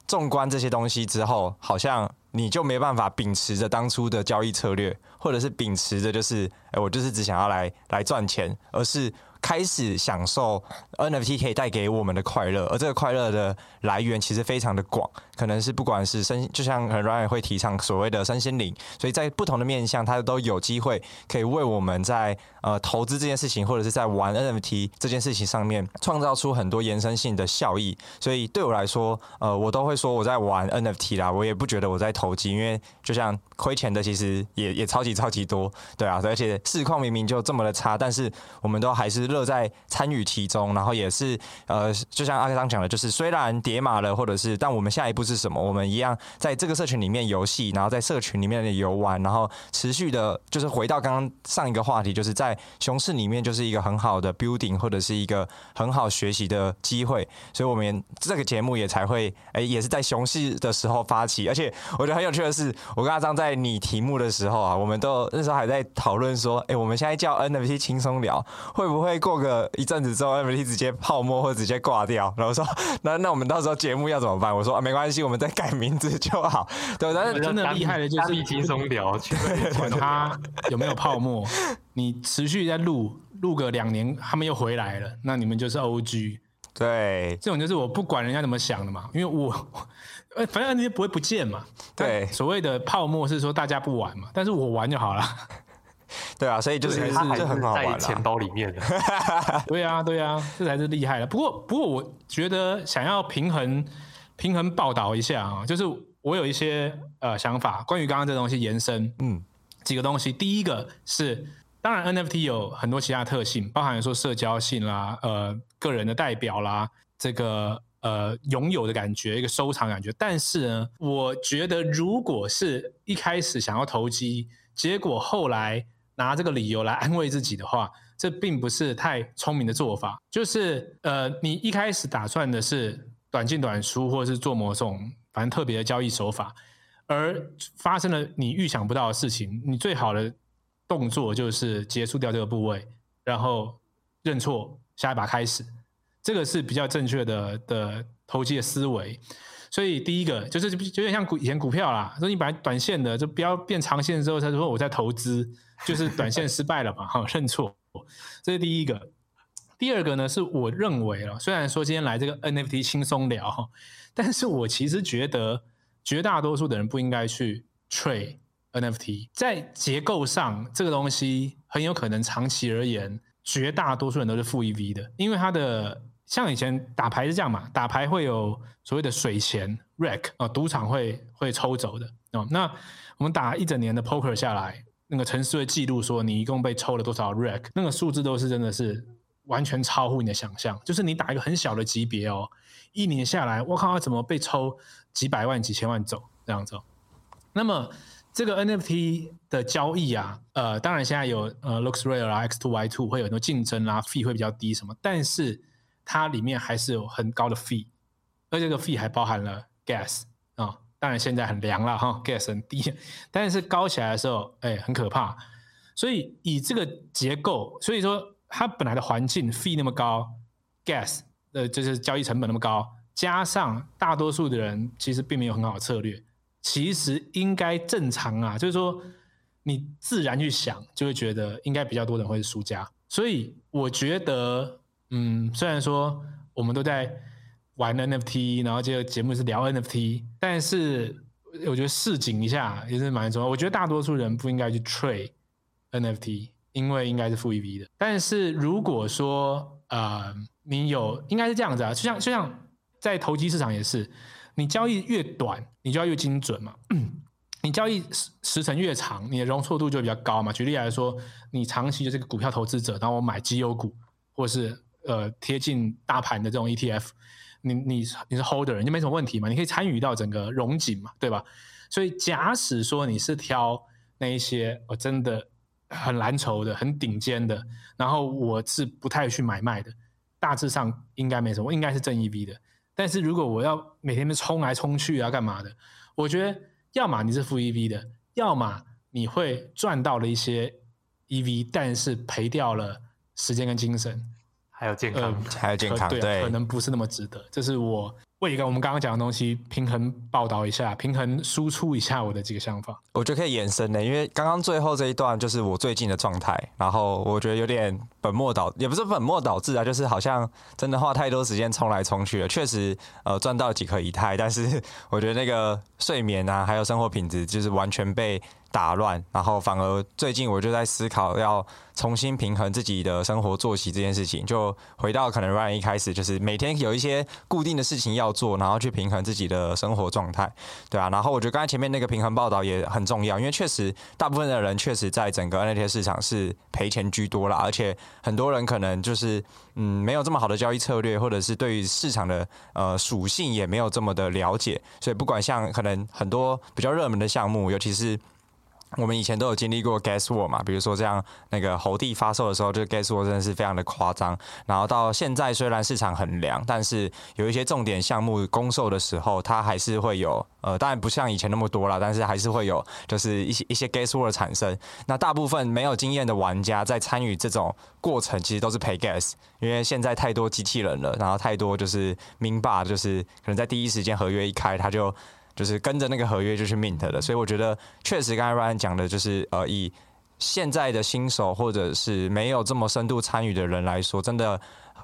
縱觀這些東西之後，好像你就沒辦法秉持着當初的交易策略，或者是秉持着就是，哎、欸，我就是只想要來來賺錢，而是開始享受 NFT 可以帶給我們的快樂，而這個快樂的來源其實非常的廣。可能是不管是身，就像 Ryan 也會提倡所謂的身心靈，所以在不同的面向，它都有機會可以為我們在呃投資這件事情，或者是在玩 NFT 這件事情上面，創造出很多延伸性的效益。所以對我來說，呃，我都會說我在玩 NFT 啦，我也不覺得我在投機，因為就像虧錢的其實也也超級超級多，對啊，而且市況明明就這麼的差，但是我們都還是樂在參與其中，然後也是呃，就像阿璋講的，就是雖然跌碼了，或者是，但我們下一步。是什麼？我們一樣在這個社群裡面遊戲，然後在社群裡面的遊玩，然後持續的，就是回到剛剛上一個話題，就是在熊市裡面就是一個很好的 building，或者是一個很好學習的機會，所以我們這個節目也才會，哎、欸，也是在熊市的時候發起。而且我覺得很有趣的是，我跟阿璋在擬題目的時候啊，我們都那時候還在討論說，哎、欸，我們現在叫 NFT 輕鬆聊，會不會過個一陣子之後，NFT 直接泡沫或直接掛掉？然後我說，那那我們到時候節目要怎麼辦？我說啊，沒關係。我們再改名字就好，對，但是真的厲害的就是輕鬆聊，管他有沒有泡沫，你持續在錄，錄個兩年，他們又回來了，那你們就是 OG，對，這種就是我不管人家怎麼想的嘛，因為我，呃，反正你也不會不見嘛，對，所謂的泡沫是說大家不玩嘛，但是我玩就好了，對啊，所以就是還是很好玩，在錢包裡面的， (laughs) 對啊，對啊，這才是厲害的。不過，不過我覺得想要平衡。平衡報道一下啊，就是我有一些呃想法，關於剛剛這東西延伸，嗯，幾個東西。第一個是，當然 NFT 有很多其他特性，包含說社交性啦，呃，個人的代表啦，這個呃擁有的感覺，一個收藏感覺。但是呢，我覺得如果是一開始想要投機，結果後來拿這個理由來安慰自己的話，這並不是太聰明的做法。就是呃，你一開始打算的是。短進短出，或者是做某種反正特別的交易手法，而發生了你預想不到的事情，你最好的動作就是結束掉這個部位，然後認錯，下一把開始，這個是比較正確的的投機的思維。所以第一個就是有點像股以前股票啦，說你把短線的就不要變長線，之後他說我在投資，就是短線失敗了嘛，哈，認錯，這是第一個。第二個呢，是我認為啊，雖然說今天來這個 NFT 輕鬆聊，但是我其實覺得絕大多數的人不應該去 trade NFT，在結構上，這個東西很有可能長期而言，絕大多數人都是負 EV 的，因為它的像以前打牌是這樣嘛，打牌會有所謂的水錢 rack 啊，ack，賭場會會抽走的哦，oh，那我們打一整年的 poker 下來，那個程式會記錄說你一共被抽了多少 rack，那個數字都是真的是。完全超乎你的想象，就是你打一個很小的級別哦，一年下來，我靠，怎麼被抽幾百萬、幾千萬走這樣子？那麼這個 NFT 的交易啊，呃，當然現在有呃 LooksRare 啊、X2Y2 會有很多競爭啊，fee 會比較低什麼，但是它裡面還是有很高的 fee，而這個 fee 還包含了 Gas 啊，哦，當然現在很涼了哈，哦，Gas 很低，但是高起來的時候，哎，很可怕。所以以這個結構，所以說。它本來的環境 fee 那麼高，gas 呃，就是交易成本那麼高，加上大多數的人其實並沒有很好的策略，其實應該正常啊，就是說你自然去想就會覺得應該比較多人會是輸家，所以我覺得嗯雖然說我們都在玩 NFT，然後這個節目是聊 NFT，但是我覺得市井一下也是蠻重要。我覺得大多數人不應該去 trade NFT。因為應該是負 EV 的，但是如果說呃，你有應該是這樣子啊，就像就像在投機市場也是，你交易越短，你就要越精準嘛。嗯、你交易時時程越長，你的容錯度就比較高嘛。舉例來說，你長期的這個股票投資者，當我買績優股或是呃貼近大盤的這種 ETF，你你你是 holder 你就沒什麼問題嘛，你可以參與到整個榮景嘛，對吧？所以假使說你是挑那一些，我、哦、真的。很藍籌的，很頂尖的，然後我是不太去買賣的，大致上應該沒什麼，我應該是正 EV 的。但是如果我要每天都衝來衝去啊，幹嘛的，我覺得要麼你是負 EV 的，要麼你會賺到了一些 EV，但是賠掉了時間跟精神，還有健康，呃、還有健康，對，可能不是那麼值得。這是我。為一個我們剛剛講的東西平衡報道一下，平衡輸出一下我的這個想法。我覺得可以延伸的，因為剛剛最後這一段就是我最近的狀態，然後我覺得有點本末倒，也不是本末倒置啊，就是好像真的花太多時間衝來衝去了，確實呃賺到幾顆以太，但是我覺得那個睡眠啊，還有生活品質，就是完全被。打亂，然後反而最近我就在思考要重新平衡自己的生活作息這件事情，就回到可能 Ryan 一開始就是每天有一些固定的事情要做，然後去平衡自己的生活狀態，對啊，然後我覺得剛才前面那個平衡報道也很重要，因為確實大部分的人確實在整個 NFT 市場是賠錢居多啦，而且很多人可能就是嗯沒有這麼好的交易策略，或者是對於市場的呃屬性也沒有這麼的了解，所以不管像可能很多比較熱門的項目，尤其是我們以前都有經歷過 gas war 嘛，比如說這樣那個猴地發售的時候，就 gas war 真的是非常的誇張。然後到現在雖然市場很涼，但是有一些重點項目公售的時候，它還是會有呃，當然不像以前那麼多了，但是還是會有就是一些一些 gas war 的產生。那大部分沒有經驗的玩家在參與這種過程，其實都是賠 gas，因為現在太多機器人了，然後太多就是 mint bot，就是可能在第一時間合約一開他就。就是跟着那個合約就是 mint 的，所以我覺得確實剛才 Ryan 講的，就是呃，以現在的新手或者是沒有這麼深度參與的人來說，真的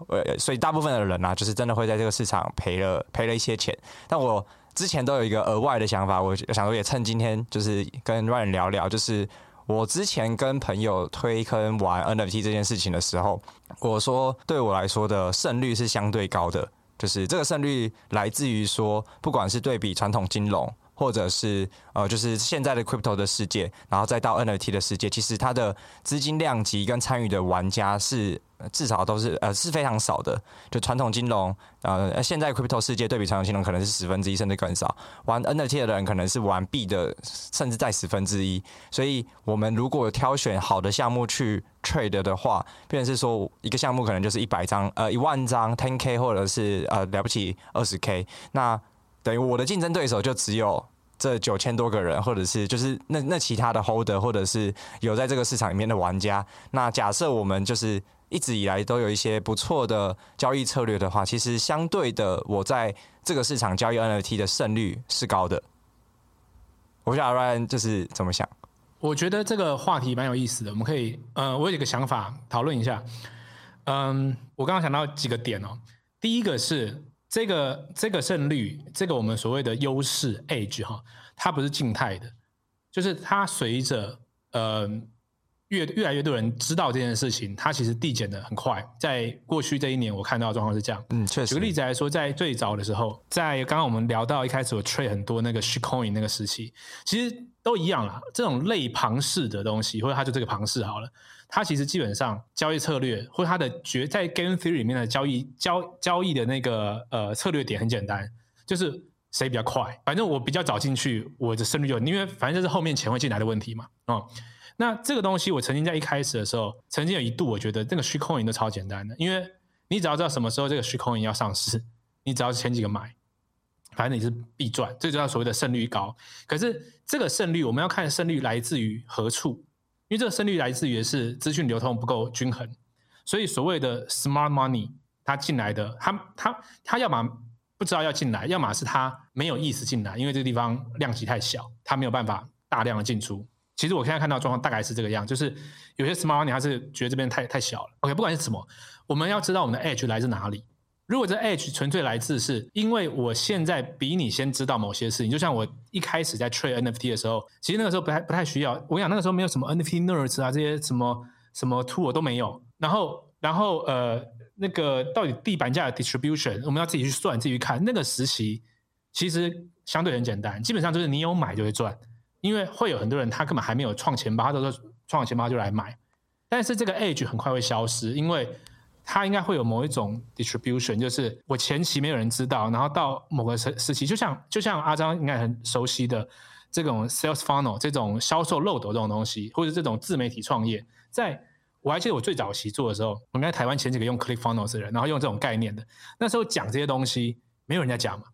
呃，所以大部分的人啊，就是真的會在這個市場賠了賠了一些錢。但我之前都有一個額外的想法，我想說也趁今天就是跟 Ryan 聊聊，就是我之前跟朋友推坑玩 NFT 這件事情的時候，我說對我來說的勝率是相對高的。就是這個勝率來自於說，不管是對比傳統金融，或者是呃，就是現在的 crypto 的世界，然後再到 NFT 的世界，其實它的資金量級跟參與的玩家是至少都是呃是非常少的。就傳統金融呃，現在 crypto 世界對比傳統金融可能是十分之一甚至更少。玩 NFT 的人可能是玩幣的，甚至在十分之一。10, 所以我們如果挑選好的項目去 trade 的話，變成是說一個項目可能就是一百張呃一萬張 ten k 或者是呃了不起二十 k，那等於我的競爭對手就只有。這九千多個人，或者是就是那那其他的 holder，或者是有在這個市場裡面的玩家，那假設我們就是一直以來都有一些不錯的交易策略的話，其實相對的，我在這個市場交易 NFT 的勝率是高的。我不知道 Ryan 就是怎麼想，我覺得這個話題蠻有意思的，我們可以，呃，我有一個想法討論一下。嗯，我剛剛想到幾個點哦，第一個是。這個這個勝率，這個我們所謂的優勢 age 哈，edge, 它不是靜態的，就是它隨着呃越越來越多人知道這件事情，它其實遞減的很快。在過去這一年，我看到的狀況是這樣，嗯，確實。舉個例子來說，在最早的時候，在剛剛我們聊到一開始我 trade 很多那個 shitcoin 那個時期，其實都一樣啦。這種類龐氏的東西，或者它就這個龐氏好了。它其實基本上交易策略，或它的決在 Game Theory 裡面的交易交交易的那個呃策略點很簡單，就是誰比較快。反正我比較早進去，我的勝率就因為反正就是後面錢會進來的問題嘛啊、嗯。那這個東西我曾經在一開始的時候，曾經有一度我覺得這個虛空銀都超簡單的，因為你只要知道什麼時候這個虛空銀要上市，你只要前幾個買，反正你是必賺，這就叫所謂的勝率高。可是這個勝率我們要看勝率來自於何處。因為這個勝率來自於是資訊流通不夠均衡，所以所謂的 smart money 它進來的它，它它它要麼不知道要進來，要麼是它沒有意識進來，因為這個地方量級太小，它沒有辦法大量的進出。其實我現在看到的狀況大概是這個樣，就是有些 smart money 他是覺得這邊太太小了。OK，不管是什麼，我們要知道我們的 edge 來自哪裡。如果這 edge 純粹來自是因為我現在比你先知道某些事情，就像我一開始在 trade NFT 的時候，其實那個時候不太不太需要。我想那個時候沒有什麼 NFT nerds 啊，這些什麼什麼 tool 都沒有。然後，然後呃，那個到底地板價的 distribution，我們要自己去算，自己去看。那個時期其實相對很簡單，基本上就是你有買就會賺，因為會有很多人他根本還沒有創錢包，他都說創了錢包就來買。但是這個 edge 很快會消失，因為他應該會有某一種 distribution，就是我前期沒有人知道，然後到某個時時期，就像就像阿張應該很熟悉的這種 sales funnel 這種銷售漏斗這種東西，或者這種自媒體創業，在我還記得我最早期做的時候，我們在台灣前幾個用 click funnels 的人，然後用這種概念的，那時候講這些東西沒有人在講嘛，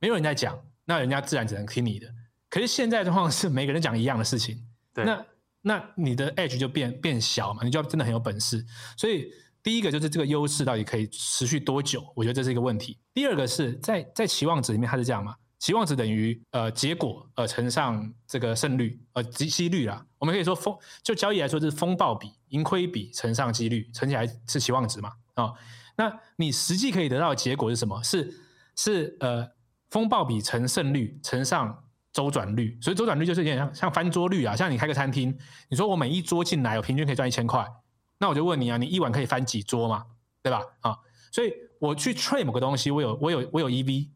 沒有人在講，那人家自然只能聽你的。可是現在的話是每個人講一樣的事情，對那那你的 edge 就變變小嘛，你就真的很有本事，所以。第一個就是這個優勢到底可以持續多久？我覺得這是一個問題。第二個是在在期望值裡面，它是這樣嘛？期望值等於呃結果呃乘上這個勝率呃機率啦。我們可以說風，就交易來說，就是風暴比，盈虧比乘上機率，乘起來是期望值嘛？啊、哦，那你實際可以得到的結果是什麼？是是呃風暴比乘勝率乘上周轉率，所以周轉率就是有點像像翻桌率啊。像你開個餐廳，你說我每一桌進來我平均可以賺一千塊。那我就問你啊，你一晚可以翻幾桌嘛？對吧？啊，所以我去 trade 某個東西，我有我有我有 EV，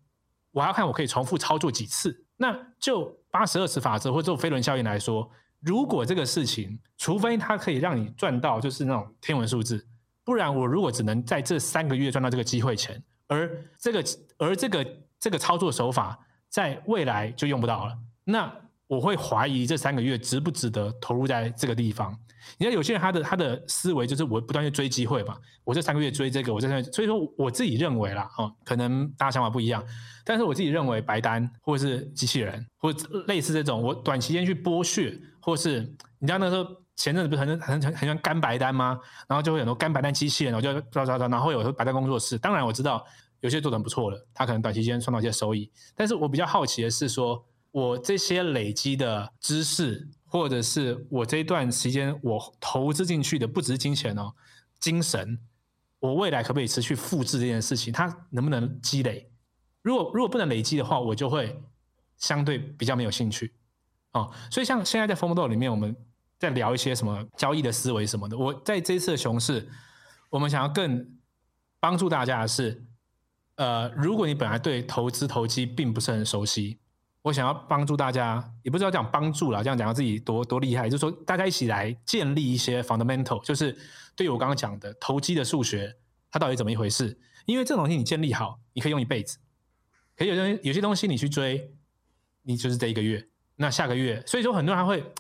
我還要看我可以重複操作幾次。那就八十二十法則或做飛輪效應來說，如果這個事情，除非它可以讓你賺到就是那種天文數字，不然我如果只能在這三個月賺到這個機會錢，而這個而這個這個操作手法在未來就用不到了，那我會懷疑這三個月值不值得投入在這個地方。你知道有些人他的他的思維就是我不斷去追機會吧，我這三個月追這個，我這三個月，所以說我自己認為啦、哦，可能大家想法不一樣，但是我自己認為白單或是機器人，或是類似這種，我短期間去剝削，或是你知道那時候前陣子不是很很很很喜歡幹白單嗎？然後就會很多幹白單機器人，然後就抓抓抓，然後有白單工作室。當然我知道有些做的很不錯的，他可能短期間創造一些收益，但是我比較好奇的是說，說我這些累積的知識。或者是我這一段時間我投資進去的不只是金錢哦，精神，我未來可不可以持續複製這件事情，它能不能積累？如果如果不能累積的話，我就會相對比較沒有興趣哦，所以像現在在風 o 裡面，我們在聊一些什麼交易的思維什麼的。我在這一次的熊市，我們想要更幫助大家的是，呃，如果你本來對投資投機並不是很熟悉，我想要幫助大家，也不知道講幫助啦，這樣講到自己多多厲害，就是說大家一起來建立一些 fundamental，就是對我剛剛講的投機的數學，它到底怎麼一回事？因為這種東西你建立好，你可以用一輩子。可有些有些東西你去追，你就是這一個月，那下個月，所以說很多人還會，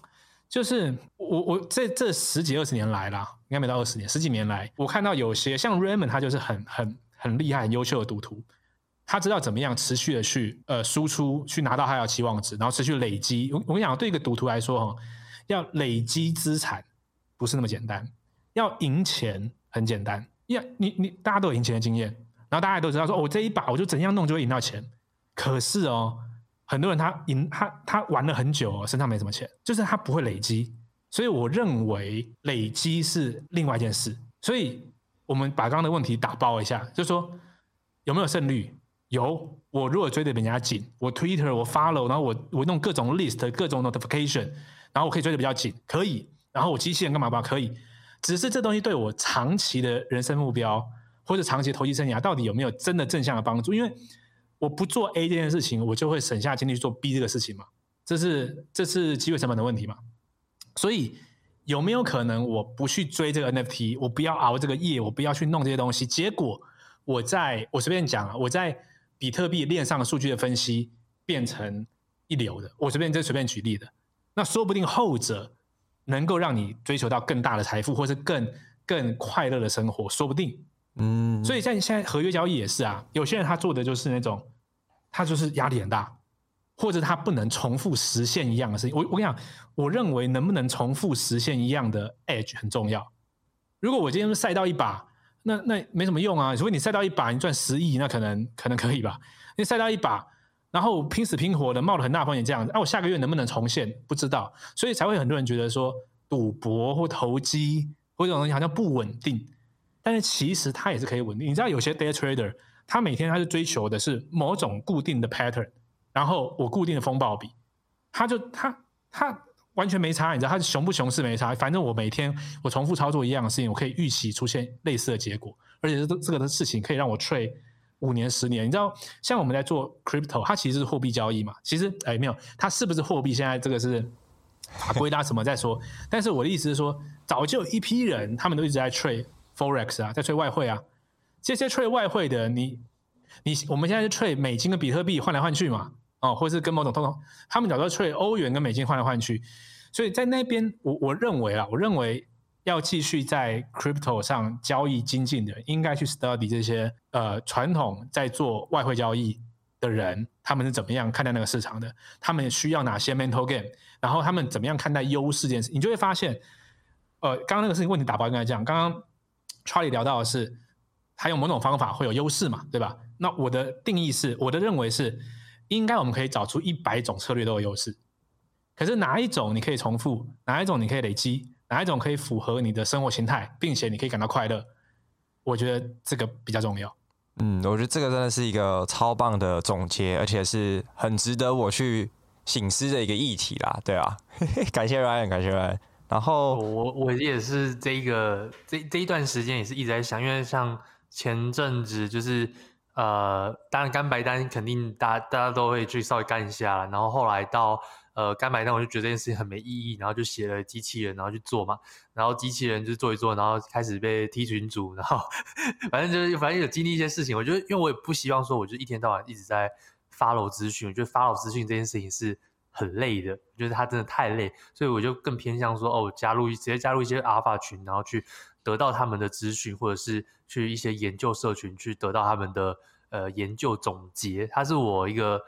就是我我這這十幾二十年來啦，應該沒到二十年，十幾年來，我看到有些像 Raymond，他就是很很很厲害、很優秀的賭徒。他知道怎麼樣持續的去呃輸出，去拿到他的期望值，然後持續累積。我跟你講，對一個賭徒來說，哈，要累積資產不是那麼簡單，要贏錢很簡單。要你你大家都有贏錢的經驗，然後大家都知道說，哦，我這一把我就怎樣弄就會贏到錢。可是哦，很多人他贏他他玩了很久哦，身上沒什麼錢，就是他不會累積。所以我認為累積是另外一件事。所以我們把剛剛的問題打包一下，就是說有沒有勝率？有我如果追得比人家緊，我 Twitter 我 follow，然後我我弄各種 list，各種 notification，然後我可以追得比較緊，可以。然後我機器人幹嘛吧，可以。只是這東西對我長期的人生目標或者長期投機生涯到底有沒有真的正向的幫助？因為我不做 A 這件事情，我就會省下精力去做 B 這個事情嘛，這是這是機會成本的問題嘛。所以有沒有可能我不去追這個 NFT，我不要熬這個夜，我不要去弄這些東西，結果我在我隨便講啊，我在。比特幣鏈上的數據的分析變成一流的，我隨便這隨便舉例的，那說不定後者能夠讓你追求到更大的財富，或是更更快樂的生活，說不定，嗯。所以像現在合約交易也是啊，有些人他做的就是那種，他就是壓力很大，或者他不能重複實現一樣的事情。我我跟你講，我認為能不能重複實現一樣的 edge 很重要。如果我今天賽到一把。那那沒什麼用啊！如果你賽到一把，你賺十億，那可能可能可以吧？你賽到一把，然後拼死拼活的冒了很大風險這樣子，哎、啊，我下個月能不能重現？不知道，所以才會很多人覺得說，賭博或投機或這種東西好像不穩定，但是其實它也是可以穩定。你知道有些 day trader，他每天他是追求的是某種固定的 pattern，然後我固定的風報比，他就他他。他完全沒差，你知道，它熊不熊是沒差。反正我每天我重複操作一樣的事情，我可以預期出現類似的結果。而且這個的事情可以讓我 trade 五年、十年。你知道，像我們在做 crypto，它其實是貨幣交易嘛。其實哎、欸，沒有，它是不是貨幣？現在這個是回答什麼再說。 (laughs) 但是我的意思是說，早就有一批人，他們都一直在 trade Forex 啊，在 trade 外匯啊。這些 trade 外匯的，你你我們現在是 trade 美金跟比特幣換來換去嘛？哦，或者是跟某種通通，他們早就 trade 歐元跟美金換來換去。所以在那邊我，我我認為啊，我認為要繼續在 crypto 上交易精進的，應該去 study 這些呃傳統在做外匯交易的人，他們是怎麼樣看待那個市場的，他們需要哪些 mental game，然後他們怎麼樣看待優勢這件事，你就會發現，呃，剛剛那個事情問題打包剛才講，剛剛 Charlie 聊到的是，還有某種方法會有優勢嘛，對吧？那我的定義是，我的認為是，應該我們可以找出一百種策略都有優勢。可是哪一種你可以重複，哪一種你可以累積，哪一種可以符合你的生活形態，並且你可以感到快樂？我覺得這個比較重要。嗯，我覺得這個真的是一個超棒的總結，而且是很值得我去省思的一個議題啦。對啊， (laughs) 感謝 Ryan，感謝 Ryan。然後我我也是這個這這一段時間也是一直在想，因為像前陣子就是呃，當然幹白單肯定大家大家都會去稍微幹一下，然後後來到。呃，剛買那我就覺得這件事情很沒意義，然後就寫了機器人，然後去做嘛。然後機器人就做一做，然後開始被踢群組，然後反正就反正有經歷一些事情。我覺得，因為我也不希望說，我就一天到晚一直在 follow 資訊。我覺得 follow 資訊這件事情是很累的，我、覺得它真的太累，所以我就更偏向說，哦，加入一直接加入一些 Alpha 群，然後去得到他們的資訊，或者是去一些研究社群去得到他們的呃研究總結。他是我一個。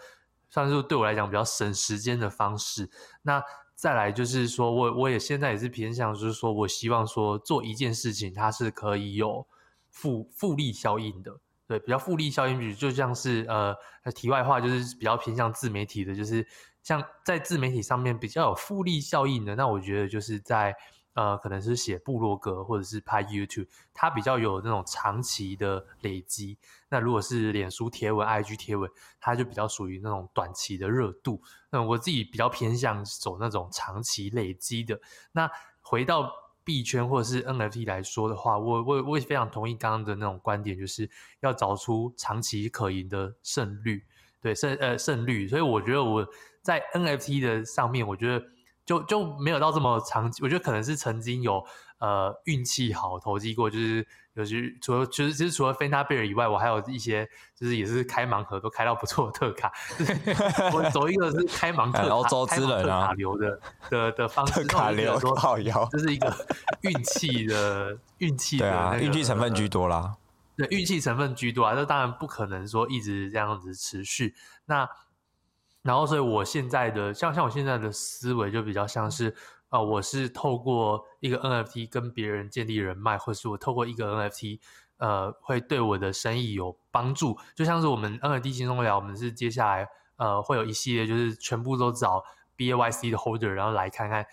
算是對我來講比較省時間的方式。那再來就是說我，我我也現在也是偏向，就是說我希望說做一件事情，它是可以有複複利效應的。對，比較複利效應，比如就像是呃，題外話就是比較偏向自媒體的，就是像在自媒體上面比較有複利效應的，那我覺得就是在。呃，可能是寫部落格或者是拍 YouTube，它比較有那種長期的累積。那如果是臉書貼文、IG 貼文，它就比較屬於那種短期的熱度。那我自己比較偏向走那種長期累積的。那回到幣圈或者是 NFT 來說的話，我我我也非常同意剛剛的那種觀點，就是要找出長期可贏的勝率，對，勝，呃，勝率。所以我覺得我在 NFT 的上面，我覺得。就就沒有到這麼長期，我覺得可能是曾經有呃運氣好投機過，就是有時除了其實其實除了 Phanta Bear 以外，我還有一些就是也是開盲盒都開到不錯的特卡， (laughs) (laughs) 我走一個是開盲特卡，招、哎啊、盲特卡流的的的方式啊，流到這、就是一個運氣的運氣、 (laughs) 那個、啊，運氣成分居多啦，嗯、對運氣成分居多啊，這當然不可能說一直這樣子持續那。然後，所以我現在的像像我現在的思維就比較像是，啊、呃，我是透過一個 NFT 跟別人建立人脈，或者是我透過一個 NFT，呃，會對我的生意有幫助。就像是我們 NFT 輕鬆聊，我們是接下來呃會有一系列就是全部都找 BAYC 的 Holder，然後來看看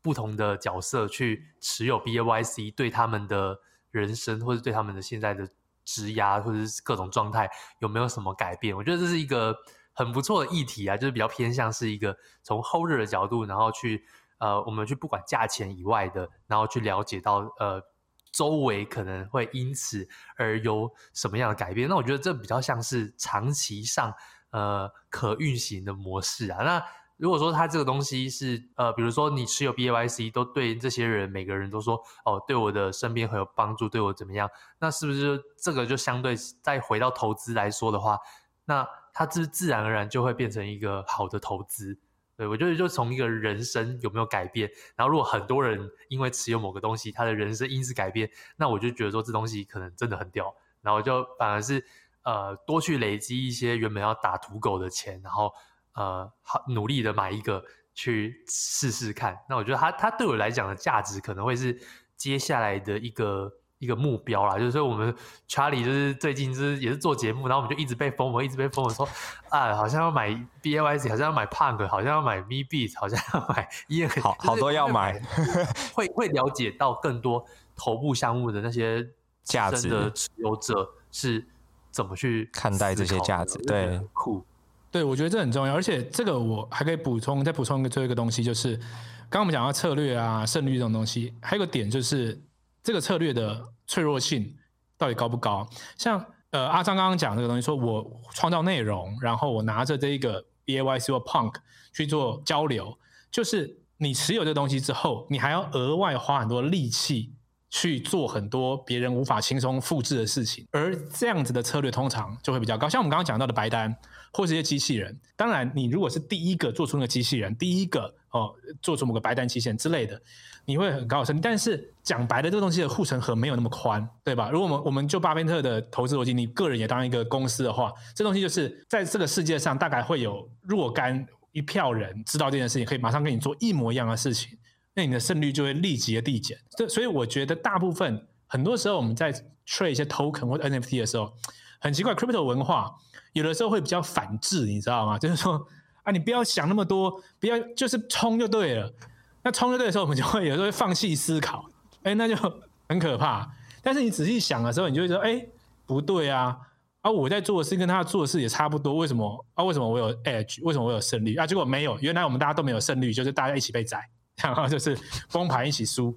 不同的角色去持有 BAYC，對他們的人生或者對他們的現在的職涯或者是各種狀態有沒有什麼改變？我覺得這是一個。很不錯的議題啊，就是比較偏向是一個從 Holder 的角度，然後去呃，我們去不管價錢以外的，然後去了解到呃，周圍可能會因此而有什麼樣的改變。那我覺得這比較像是長期上呃可運行的模式啊。那如果說它這個東西是呃，比如說你持有 BAYC，都對這些人每個人都說哦，對我的身邊很有幫助，對我怎麼樣？那是不是就這個就相對再回到投資來說的話，那？它自自然而然，就會變成一個好的投資，對，我覺得就從一個人生有沒有改變，然後如果很多人因為持有某個東西，他的人生因此改變，那我就覺得說這東西可能真的很屌，然後就反而是呃多去累積一些原本要打土狗的錢，然後呃好努力的買一個去試試看。那我覺得它它對我來講的價值可能會是接下來的一個。一個目標啦，就是我們 Charlie 就是最近就是也是做節目，然後我們就一直被封，我一直被封，我說啊，好像要買 BAYC，好像要買 Punk，好像要買 Meebits，好像要買 E，好好多要買，就是就是會 (laughs) 會，會了解到更多頭部項目的那些價值的持有者是怎麼去看待這些價值，對，酷，對我覺得這很重要，而且這個我還可以補充再補充一個最後一個東西，就是剛剛我們講到策略啊、勝率這種東西，還有一個點就是。這個策略的脆弱性到底高不高？像呃阿璋剛剛講的這個東西，說我創造內容，然後我拿着這一個 B A Y C 或 Punk 去做交流，就是你持有這個東西之後，你還要額外花很多力氣去做很多別人無法輕鬆複製的事情，而這樣子的策略通常就會比較高。像我們剛剛講到的白單或是一些機器人，當然你如果是第一個做出那個機器人，第一個。哦，做出某個白單期限之類的，你會很高深。但是講白了，這個東西的護城河沒有那麼寬，對吧？如果我們我們就巴菲特的投資邏輯，你個人也當一個公司的話，這東西就是在這個世界上大概會有若干一票人知道這件事情，可以馬上跟你做一模一樣的事情，那你的勝率就會立即的遞減。這所以我覺得大部分很多時候我們在 trade 一些 token 或者 NFT 的時候，很奇怪，crypto 文化有的時候會比較反智，你知道嗎？就是說。那、啊、你不要想那麼多，不要就是衝就對了。那衝就對了的時候，我們就會有時候會放棄思考，哎、欸，那就很可怕。但是你仔細想的時候，你就會說，哎、欸，不對啊！而、啊、我在做的事跟他做的事也差不多，為什麼啊？為什麼我有 edge？為什麼我有勝率？啊，結果沒有。原來我們大家都沒有勝率，就是大家一起被宰，然後就是崩盤一起輸。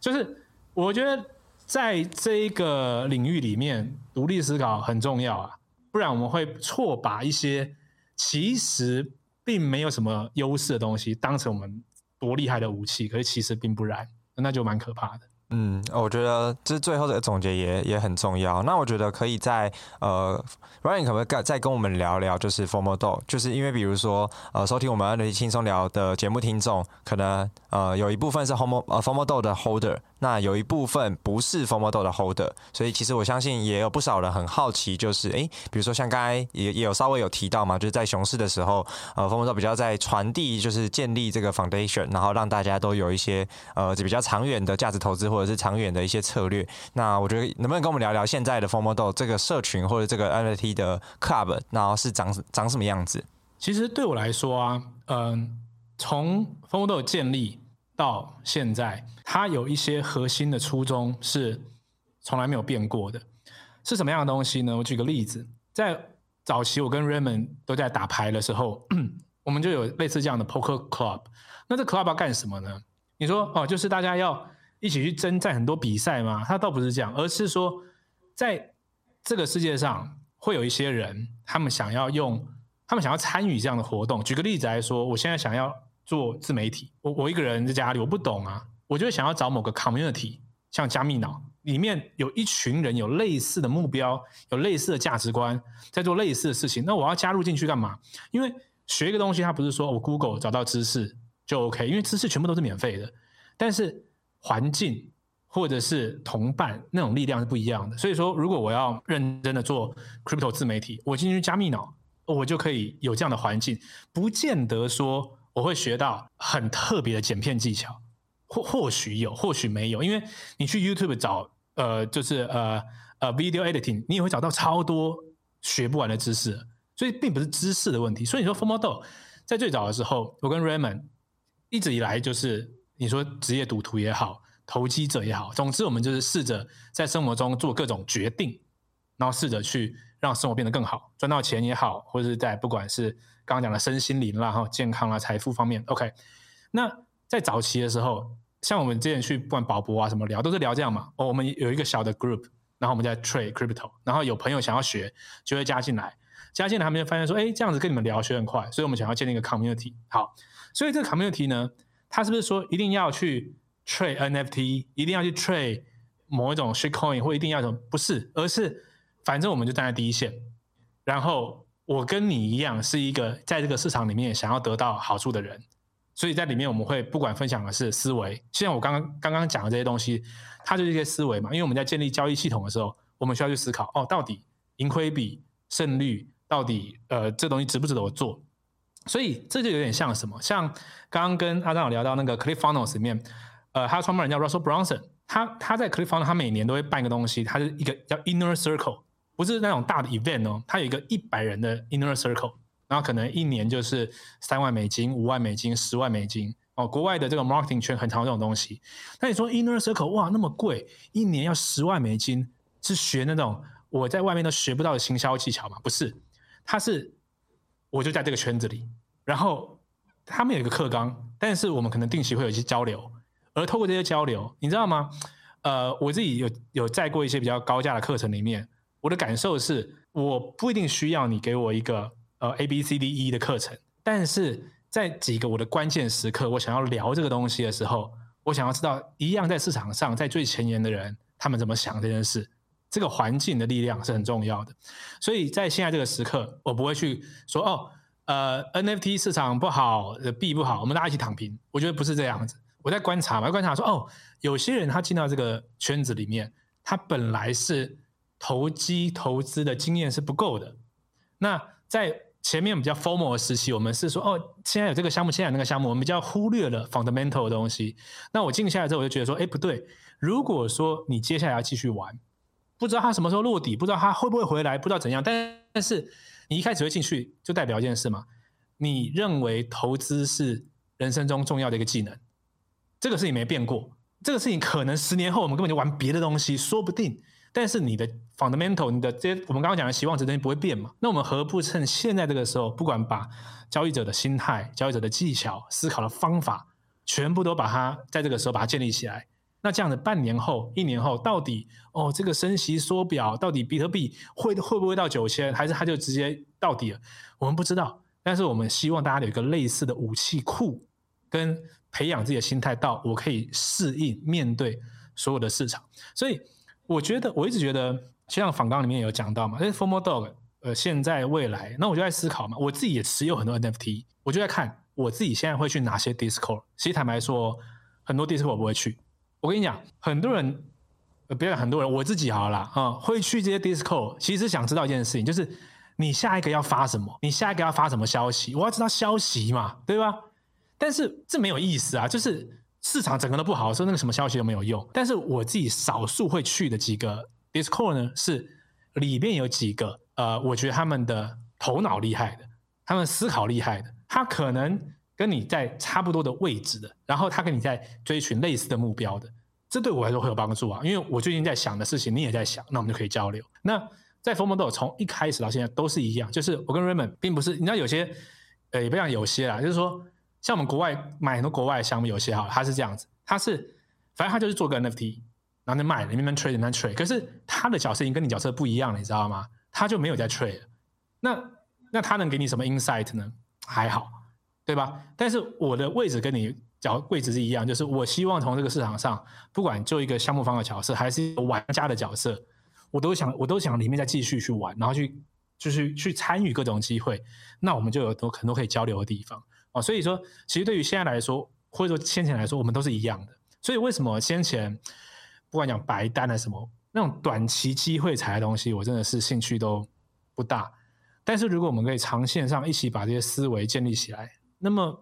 就是我覺得在這個領域裡面，獨立思考很重要啊，不然我們會錯把一些其實。並沒有什麼優勢的東西當成我們多厲害的武器，可是其實並不然，那就蠻可怕的。嗯，我覺得這最後的總結也也很重要。那我覺得可以在呃，Ryan 可不可以再跟我們聊一聊，就是 FOMO Dog，就是因為比如說呃，收聽我們的輕鬆聊的節目聽眾，可能呃有一部分是 FOMO 呃 FOMO Dog 的 holder。那有一部分不是 FOMO Dog 的 Holder，所以其實我相信也有不少人很好奇，就是誒、欸，比如說像剛才也也有稍微有提到嘛，就是在熊市的時候，呃 FOMO Dog 比較在傳遞，就是建立這個 Foundation，然後讓大家都有一些呃比較長遠的價值投資或者是長遠的一些策略。那我覺得能不能跟我們聊聊現在的 FOMO Dog 這個社群或者這個 NFT 的 Club，然後是長長什麼樣子？其實對我來說啊，嗯、呃，從 FOMO Dog 建立。到現在，它有一些核心的初衷是從來沒有變過的，是什麼樣的東西呢？我舉個例子，在早期我跟 Raymond 都在打牌的時候，我們就有類似這樣的 Poker Club。那這 Club 要幹什麼呢？你說哦，就是大家要一起去征戰很多比賽嗎？它倒不是這樣，而是說在這個世界上會有一些人，他們想要用，他們想要參與這樣的活動。舉個例子來說，我現在想要。做自媒體，我我一個人在家裡，我不懂啊，我就想要找某個 community，像加密腦裡面有一群人有類似的目標，有類似的價值觀，在做類似的事情，那我要加入進去幹嘛？因為學一個東西，它不是說我 Google 找到知識就 OK，因為知識全部都是免費的，但是環境或者是同伴那種力量是不一樣的。所以說，如果我要認真的做 crypto 自媒體，我進去加密腦，我就可以有這樣的環境，不見得說。我會學到很特別的剪片技巧，或或許有，或許沒有，因為你去 YouTube 找，呃，就是呃呃 video editing，你也會找到超多學不完的知識，所以並不是知識的問題。所以你說 FOMO Dog，在最早的時候，我跟 Raymond 一直以來就是，你說職業賭徒也好，投機者也好，總之我們就是試着在生活中做各種決定，然後試着去。讓生活變得更好，賺到錢也好，或者是在不管是剛剛講的身心靈啦、啊、哈健康啦、啊、財富方面，OK。那在早期的時候，像我們之前去不管寶博啊什麼聊，都是聊這樣嘛。哦，我們有一個小的 group，然後我們在 trade crypto，然後有朋友想要學，就會加進來。加進來他們就發現說，哎，這樣子跟你們聊學很快，所以我們想要建立一個 community。好，所以這個 community 呢，他是不是說一定要去 trade NFT，一定要去 trade 某一種 shitcoin，或一定要什麼？不是，而是。反正我們就站在第一線，然後我跟你一樣是一個在這個市場裡面想要得到好處的人，所以在裡面我們會不管分享的是思維，像我剛剛剛剛講的這些東西，它就是一些思維嘛。因為我們在建立交易系統的時候，我們需要去思考哦，到底盈虧比、勝率到底呃這東西值不值得我做？所以這就有點像什麼？像剛剛跟阿璋老聊到那個 ClickFunnels 裡面，呃，他的創辦人叫 Russell Brunson，他他在 ClickFunnels 他每年都會辦一個東西，它是一個叫 Inner Circle。不是那種大的 event 哦，它有一個一百人的 inner circle，然後可能一年就是三萬美金、五萬美金、十萬美金哦。國外的這個 marketing 圈很常有這種東西。那你說 inner circle 哇，那麼貴，一年要十萬美金，是學那種我在外面都學不到的行銷技巧嗎？不是，它是我就在這個圈子裡，然後他們有一個課綱，但是我們可能定期會有一些交流，而透過這些交流，你知道嗎？呃，我自己有有在過一些比較高價的課程裡面。我的感受是，我不一定需要你給我一個呃 A B C D E 的課程，但是在幾個我的關鍵時刻，我想要聊這個東西的時候，我想要知道一樣在市場上在最前沿的人，他們怎麼想這件事，這個環境的力量是很重要的。所以在現在這個時刻，我不會去說哦，呃 NFT 市場不好，呃，幣不好，我們大家一起躺平。我覺得不是這樣子，我在觀察嘛，在觀察說哦，有些人他進到這個圈子裡面，他本來是。投機投資的經驗是不夠的。那在前面比較 FOMO 的時期，我們是說哦，現在有這個項目，現在有那個項目，我們比較忽略了 fundamental 的東西。那我靜下來之後，我就覺得說，哎，不對。如果說你接下來要繼續玩，不知道它什麼時候落地，不知道它會不會回來，不知道怎樣。但但是你一開始會進去，就代表一件事嘛，你認為投資是人生中重要的一個技能。這個事情沒變過。這個事情可能十年後，我們根本就玩別的東西，說不定。但是你的 fundamental，你的這些我們剛剛講的希望這些東西不會變嘛？那我們何不趁現在這個時候，不管把交易者的心態、交易者的技巧、思考的方法，全部都把它在這個時候把它建立起來？那這樣子半年後、一年後，到底哦，這個升息縮表，到底比特幣會會不會到九千，還是它就直接到底了？我們不知道。但是我們希望大家有一個類似的武器庫，跟培養自己的心態，到我可以適應面對所有的市場。所以。我覺得我一直覺得，就像訪談裡面也有講到嘛，因 FOMO Dog 呃，現在未來，那我就在思考嘛，我自己也持有很多 NFT，我就在看我自己現在會去哪些 Discord。其實坦白說，很多 Discord 我不會去。我跟你講，很多人，呃、別人很多人，我自己好了啊、呃，會去這些 Discord，其實想知道一件事情，就是你下一個要發什麼，你下一個要發什麼消息，我要知道消息嘛，對吧？但是這沒有意思啊，就是。市場整個都不好說，說那個什麼消息都沒有用。但是我自己少數會去的幾個 Discord 呢，是裡面有幾個呃，我覺得他們的頭腦厲害的，他們思考厲害的，他可能跟你在差不多的位置的，然後他跟你在追尋類似的目標的，這對我來說會有幫助啊。因為我最近在想的事情，你也在想，那我們就可以交流。那在 FOMO Dog，從一開始到現在都是一樣，就是我跟 Raymond 並不是，你知道有些呃，也不像有些啊，就是說。像我們國外買很多國外的項目有些，好，他是這樣子，他是反正他就是做個 NFT，然後你賣，你慢慢 trade，慢慢 trade。可是他的角色已經跟你角色不一樣了，你知道嗎？他就沒有在 trade。那那他能給你什麼 insight 呢？還好，對吧？但是我的位置跟你角位置是一樣，就是我希望從這個市場上，不管做一個項目方的角色，還是玩家的角色，我都想我都想裡面再繼續去玩，然後去就是去參與各種機會。那我們就有多很多可以交流的地方。哦，所以說，其實對於現在來說，或者說先前來說，我們都是一樣的。所以為什麼先前不管講白單啊什麼那種短期機會財的東西，我真的是興趣都不大。但是如果我們可以長線上一起把這些思維建立起來，那麼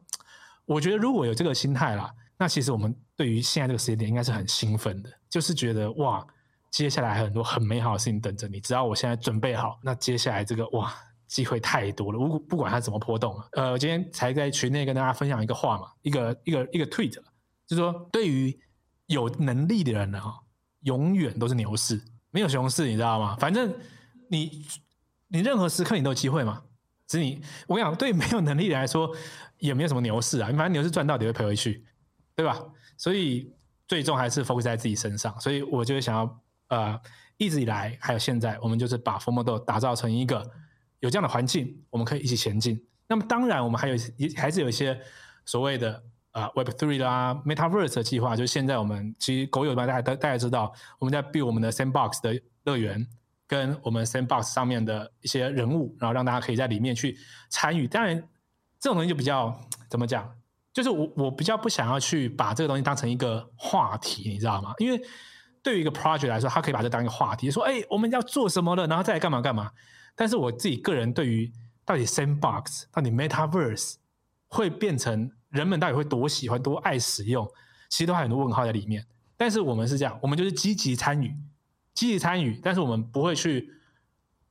我覺得如果有這個心態啦，那其實我們對於現在這個時間點應該是很興奮的，就是覺得哇，接下來還有很多很美好的事情等着你。只要我現在準備好，那接下來這個哇。機會太多了，不不管它怎麼波動，呃，我今天才在群內跟大家分享一個話嘛，一個一個一個 tweet 了，就是說對於有能力的人呢，哦，永遠都是牛市，沒有熊市，你知道嗎？反正你你任何時刻你都有機會嘛。所以我想，對沒有能力的人來說，也沒有什麼牛市啊，反正牛市賺到底會賠回去，對吧？所以最終還是 focus 在自己身上。所以我就想要，呃，一直以來還有現在，我們就是把 FOMO Dog 打造成一個。有這樣的環境，我們可以一起前進。那麼當然，我們還有一還是有一些所謂的呃 Web3 啦、Metaverse 的計劃。就是現在我們其實狗友們大家大家知道，我們在 build 我們的 Sandbox 的樂園，跟我們 Sandbox 上面的一些人物，然後讓大家可以在裡面去參與。當然，這種東西就比較怎麼講？就是我我比較不想要去把這個東西當成一個話題，你知道嗎？因為對於一個 Project 來說，他可以把這當一個話題，說，哎，我們要做什麼了，然後再來幹嘛幹嘛。但是我自己個人對於到底 Sandbox、到底 Metaverse 會變成人們到底會多喜歡、多愛使用，其實都還有很多問號在裡面。但是我們是這樣，我們就是積極參與，積極參與。但是我們不會去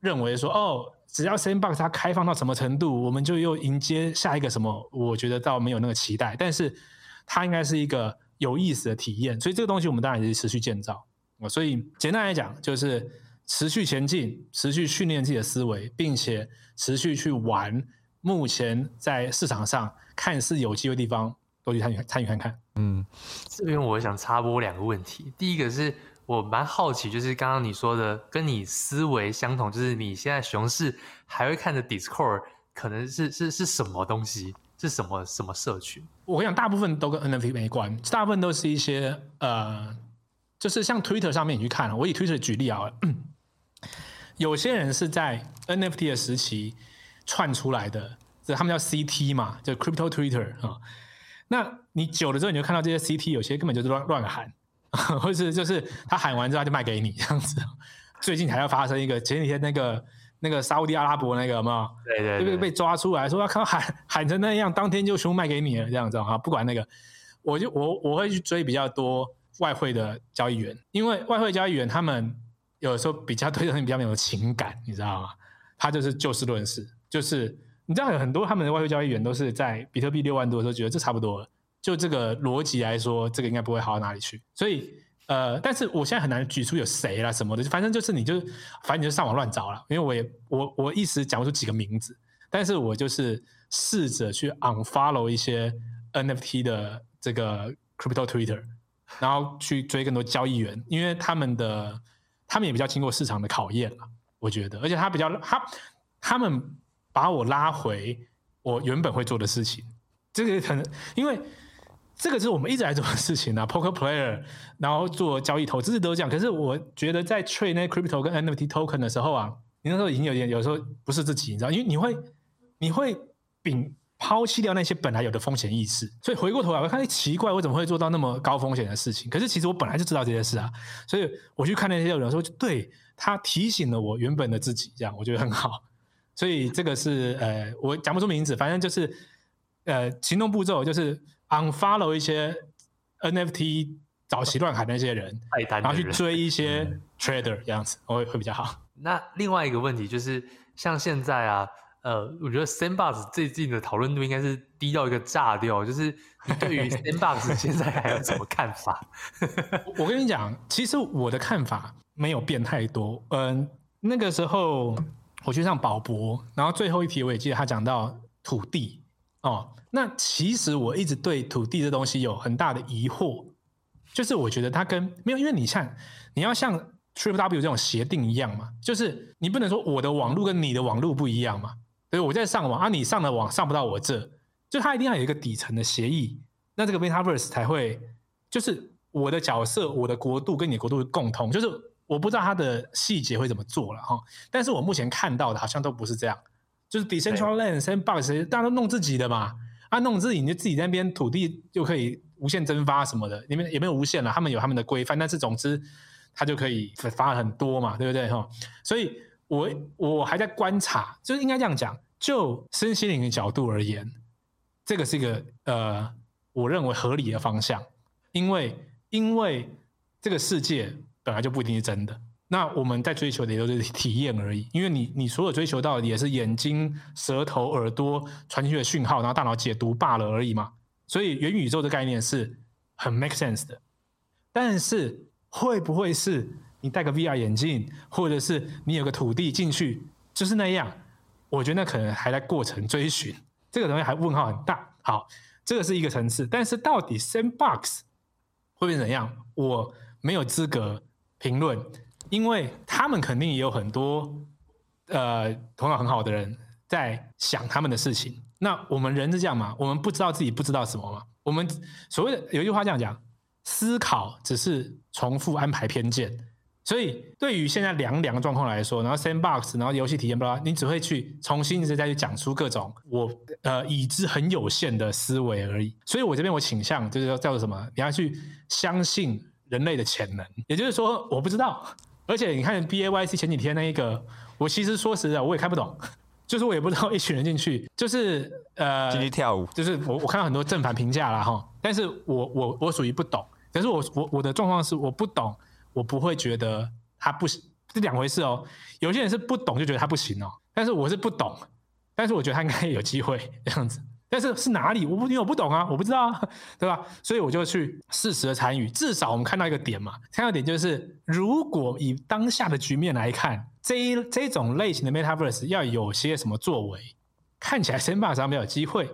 認為說，哦，只要 Sandbox 它開放到什麼程度，我們就又迎接下一個什麼。我覺得倒沒有那個期待，但是它應該是一個有意思的體驗。所以這個東西我們當然也是持續建造。所以簡單來講就是。持續前進，持續訓練自己的思維，並且持續去玩。目前在市場上看似有機會的地方，都去參與參與看看。嗯，這邊我想插播兩個問題。第一個是我蠻好奇，就是剛剛你說的跟你思維相同，就是你現在熊市還會看的 Discord，可能是是是什麼東西？是什麼什麼社群？我想大部分都跟 NFT 沒關，大部分都是一些呃，就是像 Twitter 上面你去看，我以 Twitter 舉例啊。有些人是在 NFT 的時期串出來的，這他們叫 CT 嘛，就 Crypto Twitter 啊、哦。那你久了之後，你就看到這些 CT，有些根本就是亂亂喊，或者是就是他喊完之後他就賣給你這樣子。最近還要發生一個，前幾天那個那個沙烏地阿拉伯那個有沒有，嘛，對對，對。就被被抓出來說要看，靠喊喊成那樣，當天就就賣給你了這樣子啊、哦。不管那個，我就我我會去追比較多外匯的交易員，因為外匯交易員他們。有的時候，比較對的人比較沒有情感，你知道嗎？他就是就事論事，就是你知道很多他們的外匯交易員都是在比特幣六萬多的時候覺得這差不多了，就這個邏輯來說，這個應該不會好到哪裡去。所以，呃，但是我現在很難舉出有誰啦什麼的，反正就是你就反正你就上網亂找啦，因為我也我我一時講不出幾個名字，但是我就是試着去 unfollow 一些 NFT 的這個 crypto Twitter，然後去追更多交易員，因為他們的。他們也比較經過市場的考驗了，我覺得，而且他比較他他們把我拉回我原本會做的事情，這個可能因為這個是我們一直在做的事情啊，Poker Player，然後做交易投資都是這樣。可是我覺得在 trade 那 crypto 跟 NFT token 的時候啊，你那時候已經有點有時候不是自己你知道，因為你會你會秉。拋棄掉那些本來有的風險意識，所以回過頭來我看，奇怪，我怎麼會做到那麼高風險的事情？可是其實我本來就知道這件事啊，所以我去看那些人說，對，他提醒了我原本的自己，這樣我覺得很好。所以這個是呃，我講不出名字，反正就是呃，行動步驟就是 unfollow 一些 NFT 早期亂喊的那些人，人然後去追一些 trader，嗯、這樣子，我會會比較好。那另外一個問題就是，像現在啊。呃，我覺得 Sandbox 最近的討論度應該是低到一個炸掉。就是你對於 Sandbox (laughs) 現在還有什麼看法？ (laughs) 我跟你講，其實我的看法沒有變太多。嗯，那個時候我去上寶博，然後最後一題我也記得他講到土地哦。那其實我一直對土地這東西有很大的疑惑，就是我覺得它跟沒有，因為你像，你要像 Triple W 這種協定一樣嘛，就是你不能說我的網路跟你的網路不一樣嘛。所以我在上網啊，你上了網上不到我這，就它一定要有一個底層的協議，那這個 Metaverse 才會，就是我的角色、我的國度跟你的國度共通，就是我不知道它的細節會怎麼做了哈。但是我目前看到的好像都不是這樣，就是 Decentraland 對、Sandbox 大家都弄自己的嘛，啊，弄自己你就自己那邊土地就可以無限增发什麼的，你們有沒有無限了？他們有他們的規範，但是總之他就可以发很多嘛，對不對哈？所以。我我還在觀察，就是應該這樣講，就身心靈的角度而言，這個是一個呃，我認為合理的方向，因為因為這個世界本來就不一定是真的，那我們在追求的也就是體驗而已，因為你你所有追求到的也是眼睛、舌頭、耳朵傳進去的訊號，然後大腦解讀罷了而已嘛，所以元宇宙的概念是很 make sense 的，但是會不會是？你戴個 VR 眼鏡，或者是你有個土地進去，就是那樣。我覺得那可能還在過程追尋，這個東西還問號很大。好，這個是一個層次，但是到底 Sandbox 會變成怎樣，我沒有資格評論，因為他們肯定也有很多呃頭腦很好的人在想他們的事情。那我們人是這樣嘛？我們不知道自己不知道什麼嘛？我們所謂的有一句話這樣講：思考只是重複安排偏見。所以，對於現在涼涼的狀況來說，然後 Sandbox，然後遊戲體驗不拉，你只會去重新一直再去講出各種我呃已知很有限的思維而已。所以，我這邊我傾向就是說叫做什麼？你要去相信人類的潛能。也就是說，我不知道。而且你看 B A Y C 前幾天那一個，我其實說實在我也看不懂，就是我也不知道一群人進去就是呃，進去跳舞，就是我我看到很多正反評價啦哈，但是我我我屬於不懂。但是我我我的狀況是我不懂。我不會覺得他不行，是兩回事哦。有些人是不懂就覺得他不行哦，但是我是不懂，但是我覺得他應該有機會這樣子。但是是哪裡？我不因為我不懂啊，我不知道啊，對吧？所以我就去適時的參與。至少我們看到一個點嘛，看到點就是，如果以當下的局面來看，這一這一種類型的 metaverse 要有些什麼作為，看起來 Sandbox 上比較有機會，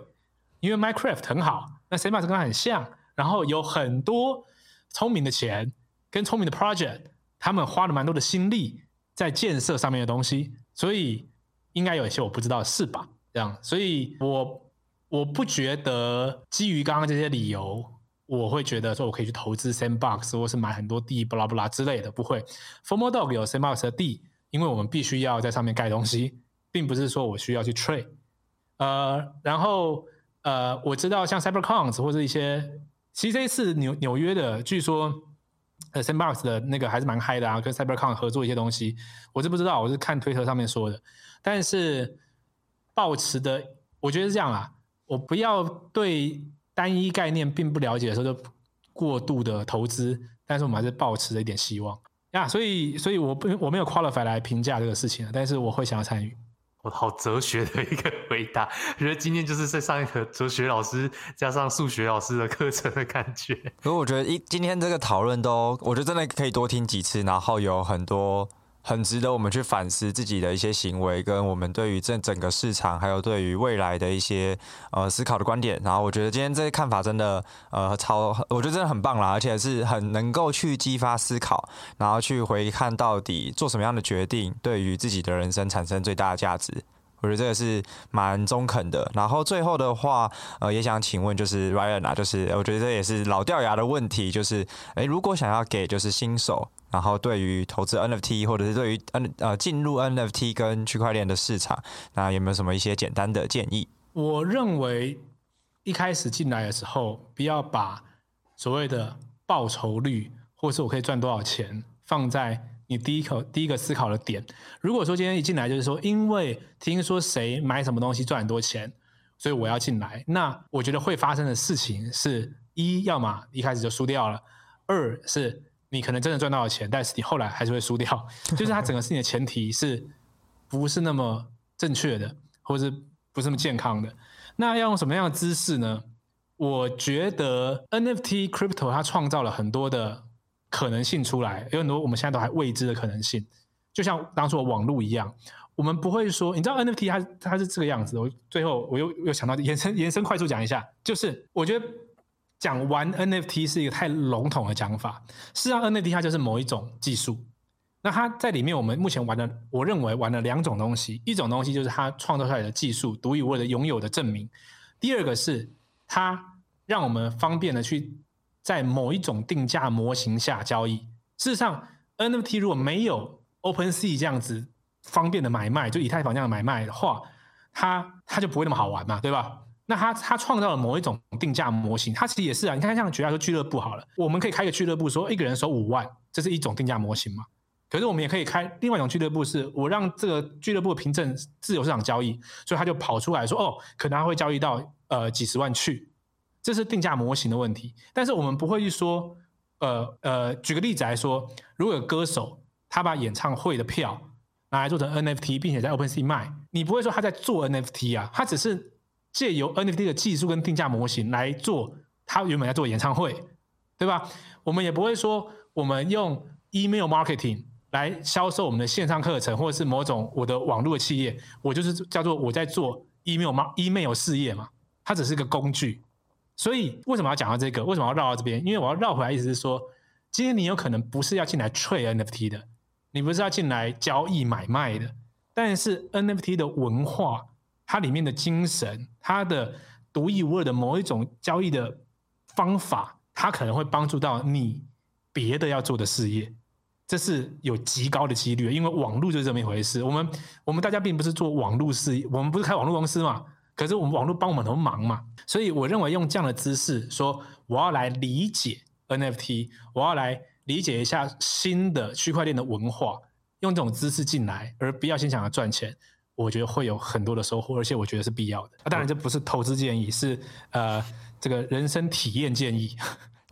因為 Minecraft 很好，那 Sandbox 跟它很像，然後有很多聰明的錢。跟聰明的 project，他們花了蠻多的心力在建設上面的東西，所以應該有一些我不知道的事吧？這樣，所以我我不覺得基於剛剛這些理由，我會覺得說我可以去投資 sandbox 或是買很多地，巴拉巴拉之類的不會。FOMO Dog 有 sandbox 的地，因為我們必須要在上面蓋東西，並不是說我需要去 trade。呃，然後呃，我知道像 CyberKongz 或者一些，CC，是紐紐約的據說。呃 Sandbox 的那個還是蠻嗨的啊，跟 CyberKongz 合作一些東西，我是不知道，我是看推特上面說的。但是，抱持的，我覺得是這樣啦，我不要對單一概念並不了解的時候就過度的投資。但是我們還是抱持着一點希望呀，yeah, 所以，所以我不我沒有 qualify 來評價這個事情，但是我會想要參與。好哲學的一個回答，我覺得今天就是在上一個哲學老師加上數學老師的課程的感覺。所以我覺得一，今天這個討論都，我覺得真的可以多聽幾次，然後有很多。很值得我們去反思自己的一些行為，跟我們對於這整個市場，還有對於未來的一些呃思考的觀點。然後我覺得今天這些看法真的呃超，我覺得真的很棒啦，而且是很能夠去激發思考，然後去回看到底做什麼樣的決定，對於自己的人生產生最大的價值。我覺得這個是蠻中肯的。然後最後的話，呃，也想請問就是 Ryan 啊，就是我覺得這也是老掉牙的問題，就是哎、欸，如果想要給就是新手，然後對於投資 NFT 或者是對於 N 呃進入 NFT 跟區塊鏈的市場，那有沒有什麼一些簡單的建議？我認為一開始進來的時候，不要把所謂的報酬率或者是我可以賺多少錢放在。你第一口第一個思考的點，如果說今天一進來就是說，因為聽說誰買什麼東西賺很多錢，所以我要進來。那我覺得會發生的事情是一，要麼一開始就輸掉了；二，是你可能真的賺到了錢，但是你後來還是會輸掉。就是它整個事情的前提是不是那麼正確的，或者是不是那麼健康的？那要用什麼樣的姿勢呢？我覺得 NFT Crypto 它創造了很多的。可能性出來有很多，我們現在都還未知的可能性，就像當初的網絡一樣，我們不會說，你知道 NFT 它它是這個樣子。我最後我又我又想到延伸延伸快速講一下，就是我覺得講玩 NFT 是一個太籠統的講法，實際上 NFT 它就是某一種技術。那它在裡面，我們目前玩的，我認為玩了兩種東西，一種東西就是它創造出來的技術獨一無二的擁有的證明，第二個是它讓我們方便的去。在某一種定價模型下交易，事實上，NFT 如果沒有 OpenSea 這樣子方便的買賣，就以太坊這樣的買賣的話，它它就不會那麼好玩嘛，對吧？那它它創造了某一種定價模型，它其實也是啊。你看，像舉例說俱樂部好了，我們可以開個俱樂部，說一個人收五萬，這是一種定價模型嘛。可是我們也可以開另外一種俱樂部，是我讓這個俱樂部的憑證自由市場交易，所以他就跑出來說，哦，可能他會交易到呃幾十萬去。這是定價模型的問題，但是我們不會去說，呃呃，舉個例子來說，如果有歌手他把演唱會的票拿來做成 NFT，並且在 OpenSea 賣，你不會說他在做 NFT 啊，他只是借由 NFT 的技術跟定價模型來做他原本在做演唱會，對吧？我們也不會說我們用 Email marketing 來銷售我們的線上課程，或者是某種我的網絡的企業，我就是叫做我在做 Email ma Email 事業嘛，它只是一個工具。所以為什麼要講到這個？為什麼要繞到這邊？因為我要繞回來，意思是說，今天你有可能不是要進來 trade NFT 的，你不是要進來交易買賣的，但是 NFT 的文化，它裡面的精神，它的獨一無二的某一種交易的方法，它可能會幫助到你別的要做的事業，這是有極高的幾率因為網絡就是這麼一回事。我們我們大家並不是做網絡事業，我們不是開網絡公司嘛。可是我們網絡幫我們很多忙嘛，所以我認為用這樣的姿勢說，我要來理解 NFT，我要來理解一下新的區塊鏈的文化，用這種姿勢進來，而不要先想要賺錢，我覺得會有很多的收穫，而且我覺得是必要的啊。當然這不是投資建議，是呃這個人生體驗建議。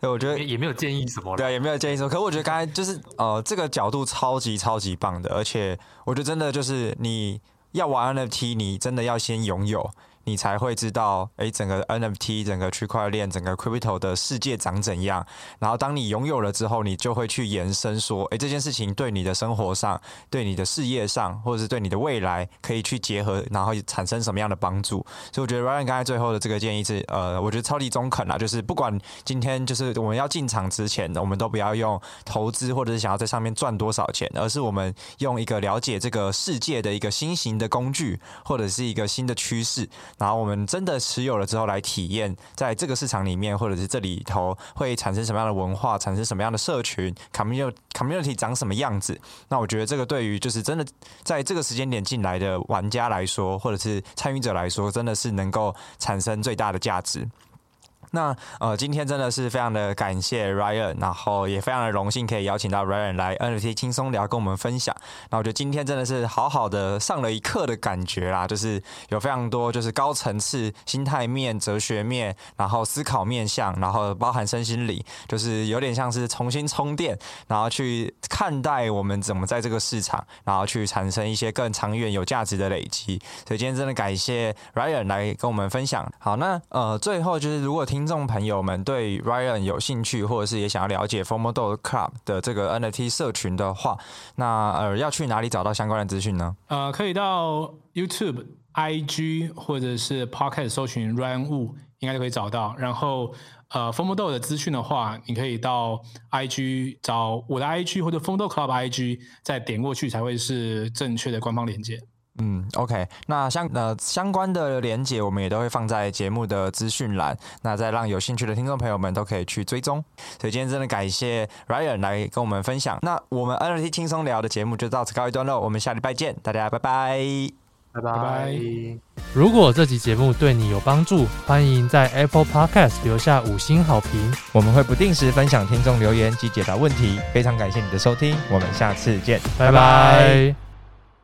對，我覺得也沒有建議什麼。對，也沒有建議什麼。可是我覺得剛才就是呃這個角度超級超級棒的，而且我覺得真的就是你要玩 NFT，你真的要先擁有。你才會知道，欸，整個 NFT、整個區塊鏈、整個 Crypto 的世界長怎樣。然後，當你擁有了之後，你就會去延伸說，欸，這件事情對你的生活上、對你的事業上，或者是對你的未來，可以去結合，然後產生什麼樣的幫助。所以，我覺得 Ryan 剛才最後的這個建議是，呃，我覺得超級中肯啦，就是不管今天就是我們要進場之前，我們都不要用投資或者是想要在上面賺多少錢，而是我們用一個了解這個世界的一個新型的工具，或者是一個新的趨勢。然後我們真的持有了之後來體驗，在這個市場裡面或者是這裡頭會產生什麼樣的文化，產生什麼樣的社群 community community 長什麼樣子？那我覺得這個對於就是真的在這個時間點進來的玩家來說，或者是參與者來說，真的是能夠產生最大的價值。那呃，今天真的是非常的感謝 Ryan，然後也非常的榮幸可以邀請到 Ryan 來 NFT 輕鬆聊跟我們分享。那我覺得今天真的是好好的上了一課的感覺啦，就是有非常多就是高層次、心態面、哲學面，然後思考面向，然後包含身心理，就是有點像是重新充電，然後去看待我們怎麼在這個市場，然後去產生一些更長遠、有價值的累積。所以今天真的感謝 Ryan 來跟我們分享。好，那呃，最後就是如果聽。聽眾朋友們對 Ryan 有興趣，或者是也想要了解 FOMO Dog Club 的這個 NFT 社群的話，那呃，要去哪裡找到相關的資訊呢？呃，可以到 YouTube、IG 或者是 Podcast 搜尋 Ryan Wu，應該就可以找到。然後呃，FOMO Dog 的資訊的話，你可以到 IG 找我的 IG 或者 FOMO Dog Club IG，再點過去才會是正確的官方鏈接。嗯，OK，那相呃相關的連接我們也都會放在節目的資訊欄，那再讓有興趣的聽眾朋友們都可以去追蹤。所以今天真的感謝 Ryan 來跟我們分享。那我們 NFT 輕鬆聊的節目就到此告一段落，我們下禮拜見，大家拜拜拜拜。如果這集節目對你有幫助，歡迎在 Apple Podcast 留下五星好評，我們會不定時分享聽眾留言及解答問題。非常感謝你的收聽，我們下次見，拜拜。拜拜